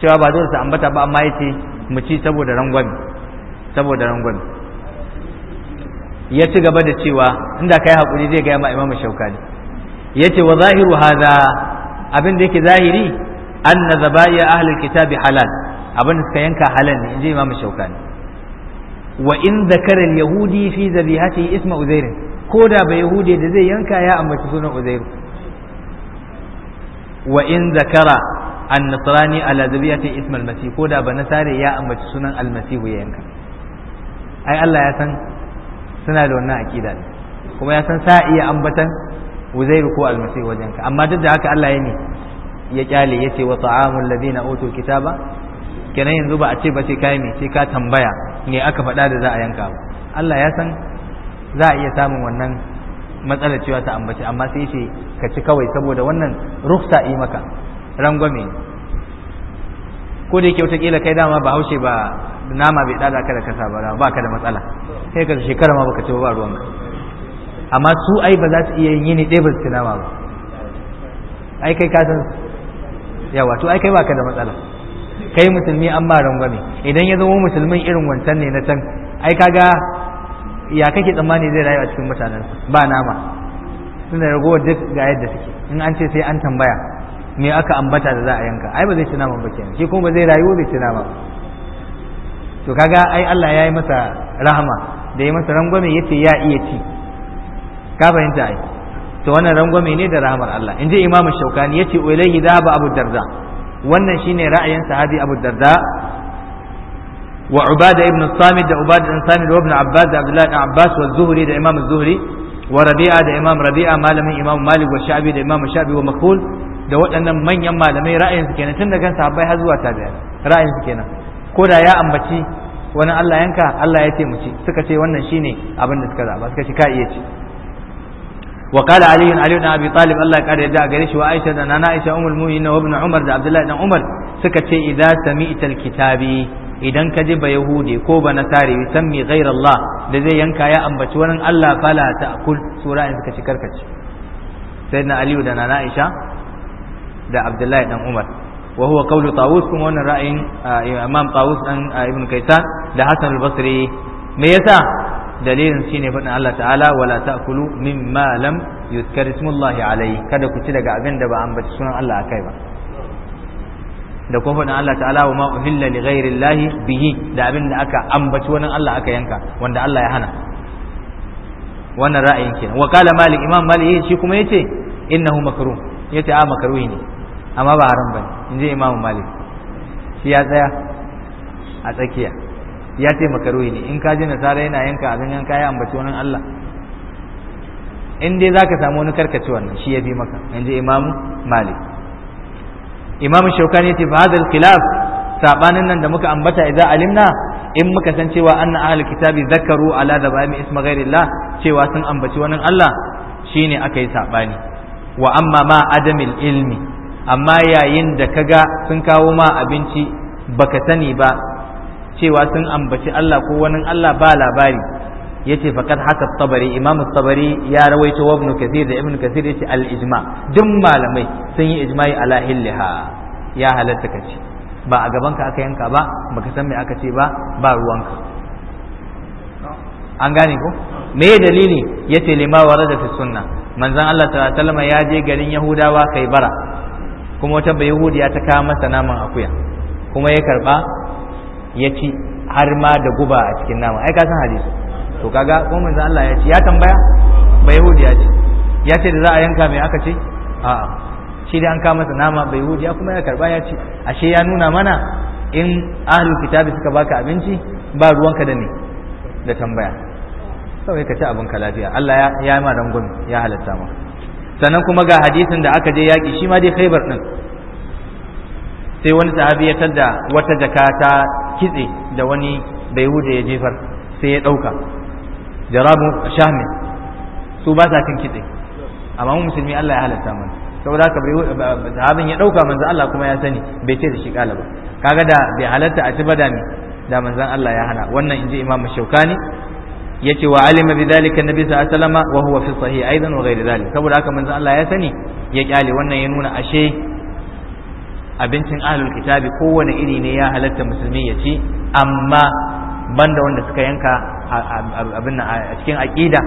cewa ba dole su ambata ba amma yace mu ci saboda rangwami saboda rangwami ya ci gaba da cewa inda kai hakuri zai ga ma imamu shaukani yace wa zahiru hadha abin da yake zahiri anna zabaiya ahlul kitabi halal abin da suka yanka halal ne inji imamu shaukani wa in zakara al-yahudi fi zabihati isma uzair ko da ba yahudi da zai yanka ya ambaci sunan uzair wa in zakara an-nasrani ala zabihati isma al-masih ko da ba nasare ya ambaci sunan al-masih ya yanka ai Allah ya san suna da wannan aƙida ne kuma ya san sa iya ambatan uzairu ko almasi wajen ka amma duk da haka Allah ya ne ya kyale ya ce wa ta'amul ladina utul kitaba kenan yanzu ba a ce ba ce kai me sai ka tambaya me aka faɗa da za a yanka ba Allah ya san za a iya samun wannan matsalar cewa ta ambaci amma sai ce ka ci kawai saboda wannan ruksa yi maka rangwame ko da yake wata kila kai dama ba haushe ba nama bai daga ka da kasa ba ba ka da matsala sai ka shekara ma baka ci ba ruwan ka amma su ai ba za su iya yin yini ɗaya ba su nama ba ai kai ka san yawa to ai kai baka da matsala kai musulmi an ma rangwame idan ya zama musulmin irin wancan ne na can ai kaga ya kake tsammani zai rayu a cikin mutanen ba nama suna ragowar duk ga yadda suke in an ce sai an tambaya me aka ambata da za a yanka ai ba zai ci naman ba kenan shi kuma ba zai rayu zai ci nama to kaga ai Allah ya yi masa rahama da ya masa rangwame ya ce ya iya ci ka fahimta ai to wannan rangwame ne da rahamar Allah in ji imamu Shaukani yace da ba Abu Darda wannan shine ra'ayin sahabi Abu Darda wa Ubada ibn samid da Ubada ibn samid wa ibn Abbas da Abdullah ibn Abbas wa Zuhri da Imam Zuhri wa Rabi'a da Imam Rabi'a malamin Imam Malik wa Sha'bi da Imam Sha'bi wa Makhul da waɗannan manyan malamai ra'ayin su kenan tun daga sahabbai har zuwa tabi'in ra'ayin su kenan ko da ya ambaci wani Allah yanka Allah ya taimaci suka ce wannan shine abin da suka zaba suka ce ka iya ci wa qala ali ali ibn abi talib Allah ya kare yadda gare shi wa aisha da nana aisha ummul mu'minin wa ibn umar da abdullahi dan umar suka ce idza sami'ta alkitabi idan ka ji ba yahudi ko ba nasari yusammi ghayra Allah da zai yanka ya ambaci wani Allah fala ta'kul sura in suka ci karkace sayyidina ali da nana aisha da abdullahi dan umar wa huwa qawlu tawus kuma wannan ra'ayin imam tawus dan ibn kaitan da hasan al-basri me yasa dalilin shine faɗin Allah ta'ala wala ta'kulu mimma lam yuzkar ismullahi alayhi kada ku ci daga abin da ba ambaci sunan Allah akai ba da kuma faɗin Allah ta'ala wa ma uhilla li ghairi Allah bihi da abin da aka ambaci wani Allah aka yanka wanda Allah ya hana wannan ra'ayin kenan wa kala malik imam malik shi kuma yace innahu makruh yace a makruhi ne amma ba haram bane in je imamu malik shi ya tsaya a tsakiya ya ce makaruhi ne in ka ji nasara yana yanka abin yanka ya ambaci wani allah in dai za ka samu wani karkaci wannan shi ya bi maka in ji imamu malik imamu ne ce ba hadal khilaf sabanin nan da muka ambata idan alimna in muka san cewa anna ahlul kitabi zakaru ala dabami isma ghairillah cewa sun ambaci wani allah shine aka yi sabani wa amma ma adamil ilmi amma yayin da ka ga sun kawo ma abinci baka sani ba cewa sun ambaci Allah ko wani Allah ba labari yace faqad haka tabari imamu tabari ya rawaito wa ibn kathir da ibn kathir yace al ijma duk malamai sun yi ijma'i ala hilliha ya halatta kace ba a gaban ka aka yanka ba baka san me aka ce ba ba ruwanka an gane ko me dalili yace lima warada fi sunna manzon Allah ta'ala ya je garin yahudawa kai bara. kuma wata bai bayahudiya ta kawo masa naman akuya kuma ya karba ya ci har ma da guba a cikin naman ai ka san hadisi to kaga kuma manzon Allah ya ci ya tambaya Bai yi ce ya ce da za a yanka mai aka ce a'a shi dai an kawo masa nama bai bayahudiya kuma ya karba ya ci ashe ya nuna mana in ahlul kitabi suka baka abinci ba ruwanka da ne da tambaya kawai ka ci ka lafiya Allah ya yi ma rangwame ya halatta maka sannan kuma ga hadisin da aka je yaƙi shi ma dai khaybar ɗin sai wani sahabi ya tadda wata jaka ta kitse da wani bai wuce ya jefar sai ya ɗauka jarabu shahmi su ba sa kin kitse amma mu musulmi Allah ya halatta mana saboda haka bai sahabin ya ɗauka manzo Allah kuma ya sani bai ce da shi kala ba kaga da bai halatta a ci bada ne da manzon Allah ya hana wannan inji imamu Shaukani yace wa alima bi zalika nabi sa sallama wa huwa fi sahih aidan wa ghairi zalik saboda haka manzo Allah ya sani ya kyale wannan ya nuna ashe abincin ahlul kitabi kowane iri ne ya halatta musulmi ya ci amma banda wanda suka yanka abin a cikin aqida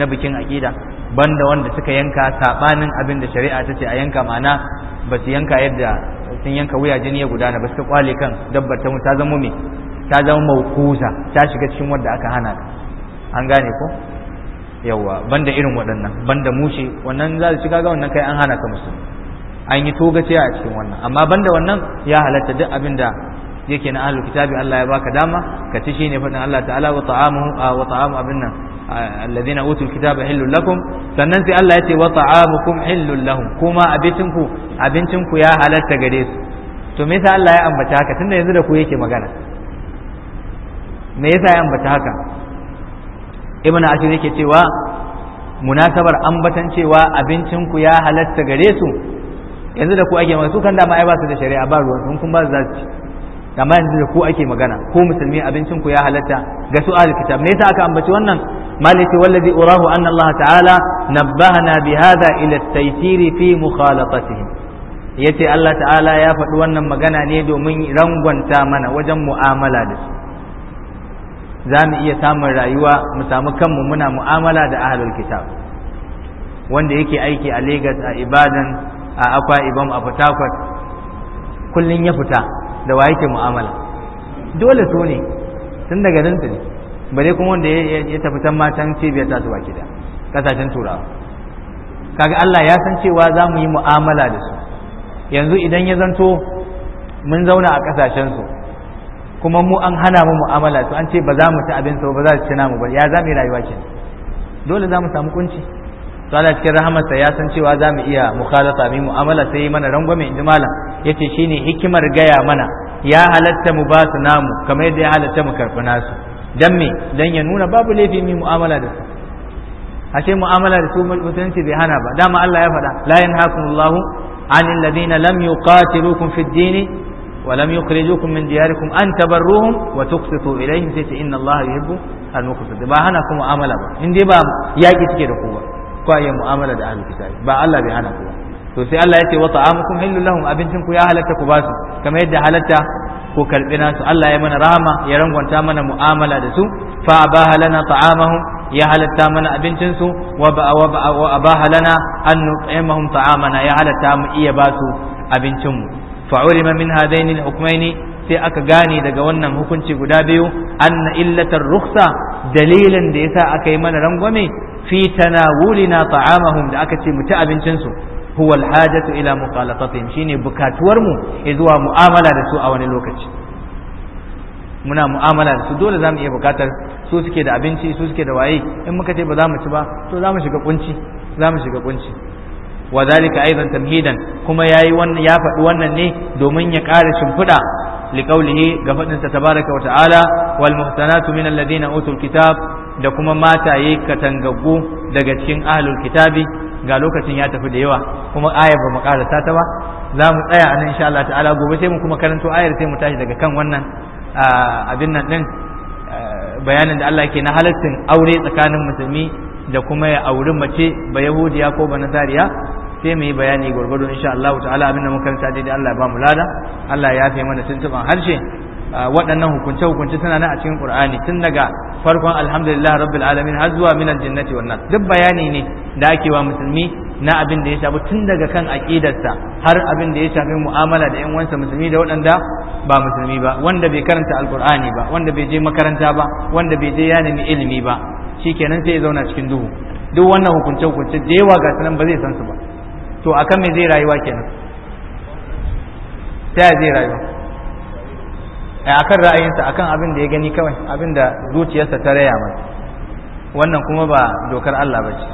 na bikin aqida banda wanda suka yanka sabanin abin da shari'a ta ce a yanka mana ba su yanka yadda sun yanka wuya jini ya gudana ba suka kwale kan dabbar ta ta zama me ta zama mawkuza ta shiga cikin wanda aka hana an gane ko yawa banda irin waɗannan banda mushe wannan za su kaga wannan kai an hana ka musu. an yi togace a cikin wannan amma banda wannan ya halatta duk abin da yake na ahlul kitabi Allah ya baka dama ka ci shine fadin Allah ta'ala wa ta'amuhu wa ta'amu abin nan alladhina utul kitaba hillul lakum sannan sai Allah ya ce wa ta'amukum hillul lahum kuma abincin ku abincin ku ya halatta gare su to me yasa Allah ya ambata haka tunda yanzu da ku yake magana me yasa ya ambata haka ibn asir yake cewa munasabar ambatan cewa abincin ku ya halatta gare su yanzu da ku ake magana su kan dama ai ba su da shari'a ba ruwan sun kun ba su zaci amma yanzu da ku ake magana ko musulmi abincin ku ya halatta ga su ahli kitab me yasa aka ambaci wannan malaki wallazi urahu anna Allah ta'ala nabbahana bi hadha ila at-taytiri fi mukhalatatihim yace Allah ta'ala ya faɗi wannan magana ne domin rangwanta mana wajen mu'amala da su za mu iya samun rayuwa mu samu kanmu muna mu'amala da ahlul kitab wanda yake aiki a Legas a Ibadan a Akwa Ibom a Fatakwat kullun ya fita da wa yake mu'amala dole so ne tun daga nan ne bare kuma wanda ya tafi can matan cibiyar ta su baki da kasashen turawa kaga Allah ya san cewa za mu yi mu'amala da su yanzu idan ya zanto mun zauna a kasashen su kuma mu an hana mu mu'amala to an ce ba za mu ci abin sa ba za su ci namu ba ya za mu rayuwa ke dole za mu samu kunci to Allah cikin rahamarsa ya san cewa za mu iya mukhalafa mu mu'amala sai yi mana rangwame inji malam yace ne hikimar gaya mana ya halatta mu ba su namu kamar yadda ya halatta mu karɓi nasu dan me dan ya nuna babu laifi mu mu'amala da su ashe mu'amala da su mutunci bai hana ba dama Allah ya faɗa la yanhakumullahu anil ladina lam yuqatilukum fid dini ولم يخرجوكم من دياركم أن تبروهم وتقسطوا إليهم سيتي إن الله يحب المقسط با هنا كم معاملة با إن دي با ياكي سكي دكوا كوا معاملة دا الكتاب با الله بي هنا كوا to sai Allah ya ce wa ta'amukum hillu lahum abincin ku ya halatta ku basu kamar yadda halatta ku karbi nasu Allah ya mana rahama ya rangwanta mana mu'amala da su fa abaha lana ta'amahum ya halatta mana abincin su wa ba wa ba ya halatta mu iya basu abincin mu fa'ulima min hadaini al-hukmaini sai aka gane daga wannan hukunci guda biyu anna illatar rukhsa dalilin da yasa aka yi mana rangwame fi tanawulina ta'amahum da aka ce mu abincin su huwa alhajatu ila muqalatatihim shine bukatuwar mu zuwa mu'amala da su a wani lokaci muna mu'amala da su dole zamu iya bukatar su suke da abinci su suke da waye in muka ce ba za mu ci ba to za mu shiga kunci za mu shiga kunci wa zalika aidan tamhidan kuma yayi wannan ya faɗi wannan ne domin ya ƙara shimfiɗa liqaulihi ga faɗin ta tabaraka wa ta'ala wal muhsanatu min alladhina utul kitab da kuma mataye katangaggu daga cikin ahlul kitabi ga lokacin ya tafi da yawa kuma ayar ba mu karasa ta ba za mu tsaya a nan insha Allah ta'ala gobe sai mu kuma karanto ayar sai mu tashi daga kan wannan abin nan din bayanin da Allah ke na halaccin aure tsakanin musulmi da kuma ya auri mace ba yahudiya ko ba nasariya sai mu yi bayani gwargwado insha Allah ta'ala abin da muka karanta daidai Allah ya ba mu lada Allah ya yafe mana tuntuban harshe waɗannan hukunce hukunce suna nan a cikin Qur'ani tun daga farkon alhamdulillah rabbil alamin har zuwa min aljannati wan duk bayani ne da ake wa musulmi na abin da ya shafi tun daga kan aqidarsa har abin da ya shafi mu'amala da ƴan wansa musulmi da waɗanda ba musulmi ba wanda bai karanta alqur'ani ba wanda bai je makaranta ba wanda bai je ni ilimi ba shikenan sai ya zauna cikin duhu duk wannan hukunce hukunce da yawa ga sanan ba zai san su ba to akan me zai rayuwa kenan ta zai rayuwa eh, a akan ra'ayinsa akan abin da ya gani kawai abin da zuciyarsa ta raya mai wannan kuma ba dokar Allah ba ce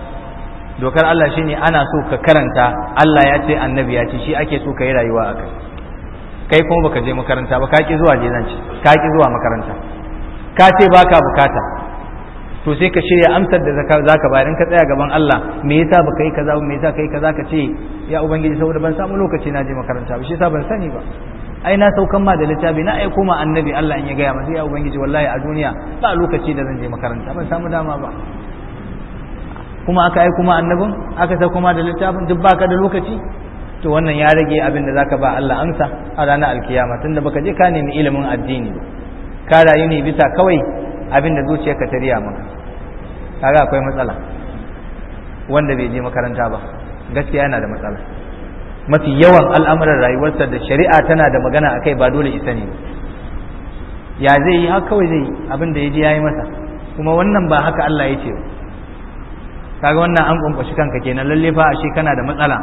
dokar Allah shi ne ana so ka karanta Allah ya ce annabi ya ce shi ake so ka yi rayuwa a kai Kai kuma baka je makaranta ba ka ki zuwa jezanci ka ki zuwa makaranta ka ce baka bukata to sai ka shirya amsar da zaka bayar in ka tsaya gaban Allah me yasa baka yi kaza me yasa kai kaza ka ce ya ubangiji saboda ban samu lokaci na je makaranta ba shi yasa ban sani ba ai na saukan ma da littafi na aiko ma annabi Allah in ya gaya masa ya ubangiji wallahi a duniya ba lokaci da zan je makaranta ban samu dama ba kuma aka aiko ma annabin aka sauko ma da littafin duk baka da lokaci to wannan ya rage abin da zaka ba Allah amsa a ranar alkiyama tunda baka je ka nemi ilimin addini ka rayu ne bisa kawai abin da zuciyarka ta riya maka kaga akwai matsala wanda bai je makaranta ba gaskiya yana da matsala mafi yawan al'amuran rayuwarsa da shari'a tana da magana akai ba dole isa ne ya zai yi haka kawai zai abin da ya ji ya yi masa kuma wannan ba haka Allah ya ce kaga wannan an kwankwashi kanka kenan lalle fa ashe kana da matsala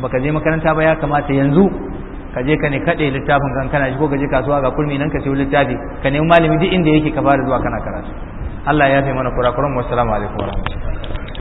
baka je makaranta ba ya kamata yanzu ka je ka ne kaɗe littafin kan kana shi ko ka je kasuwa ga kurmi nan ka siyo littafi ka nemi malami duk inda yake ka fara zuwa kana karatu Allah ya fi mana wasu salamu alaikum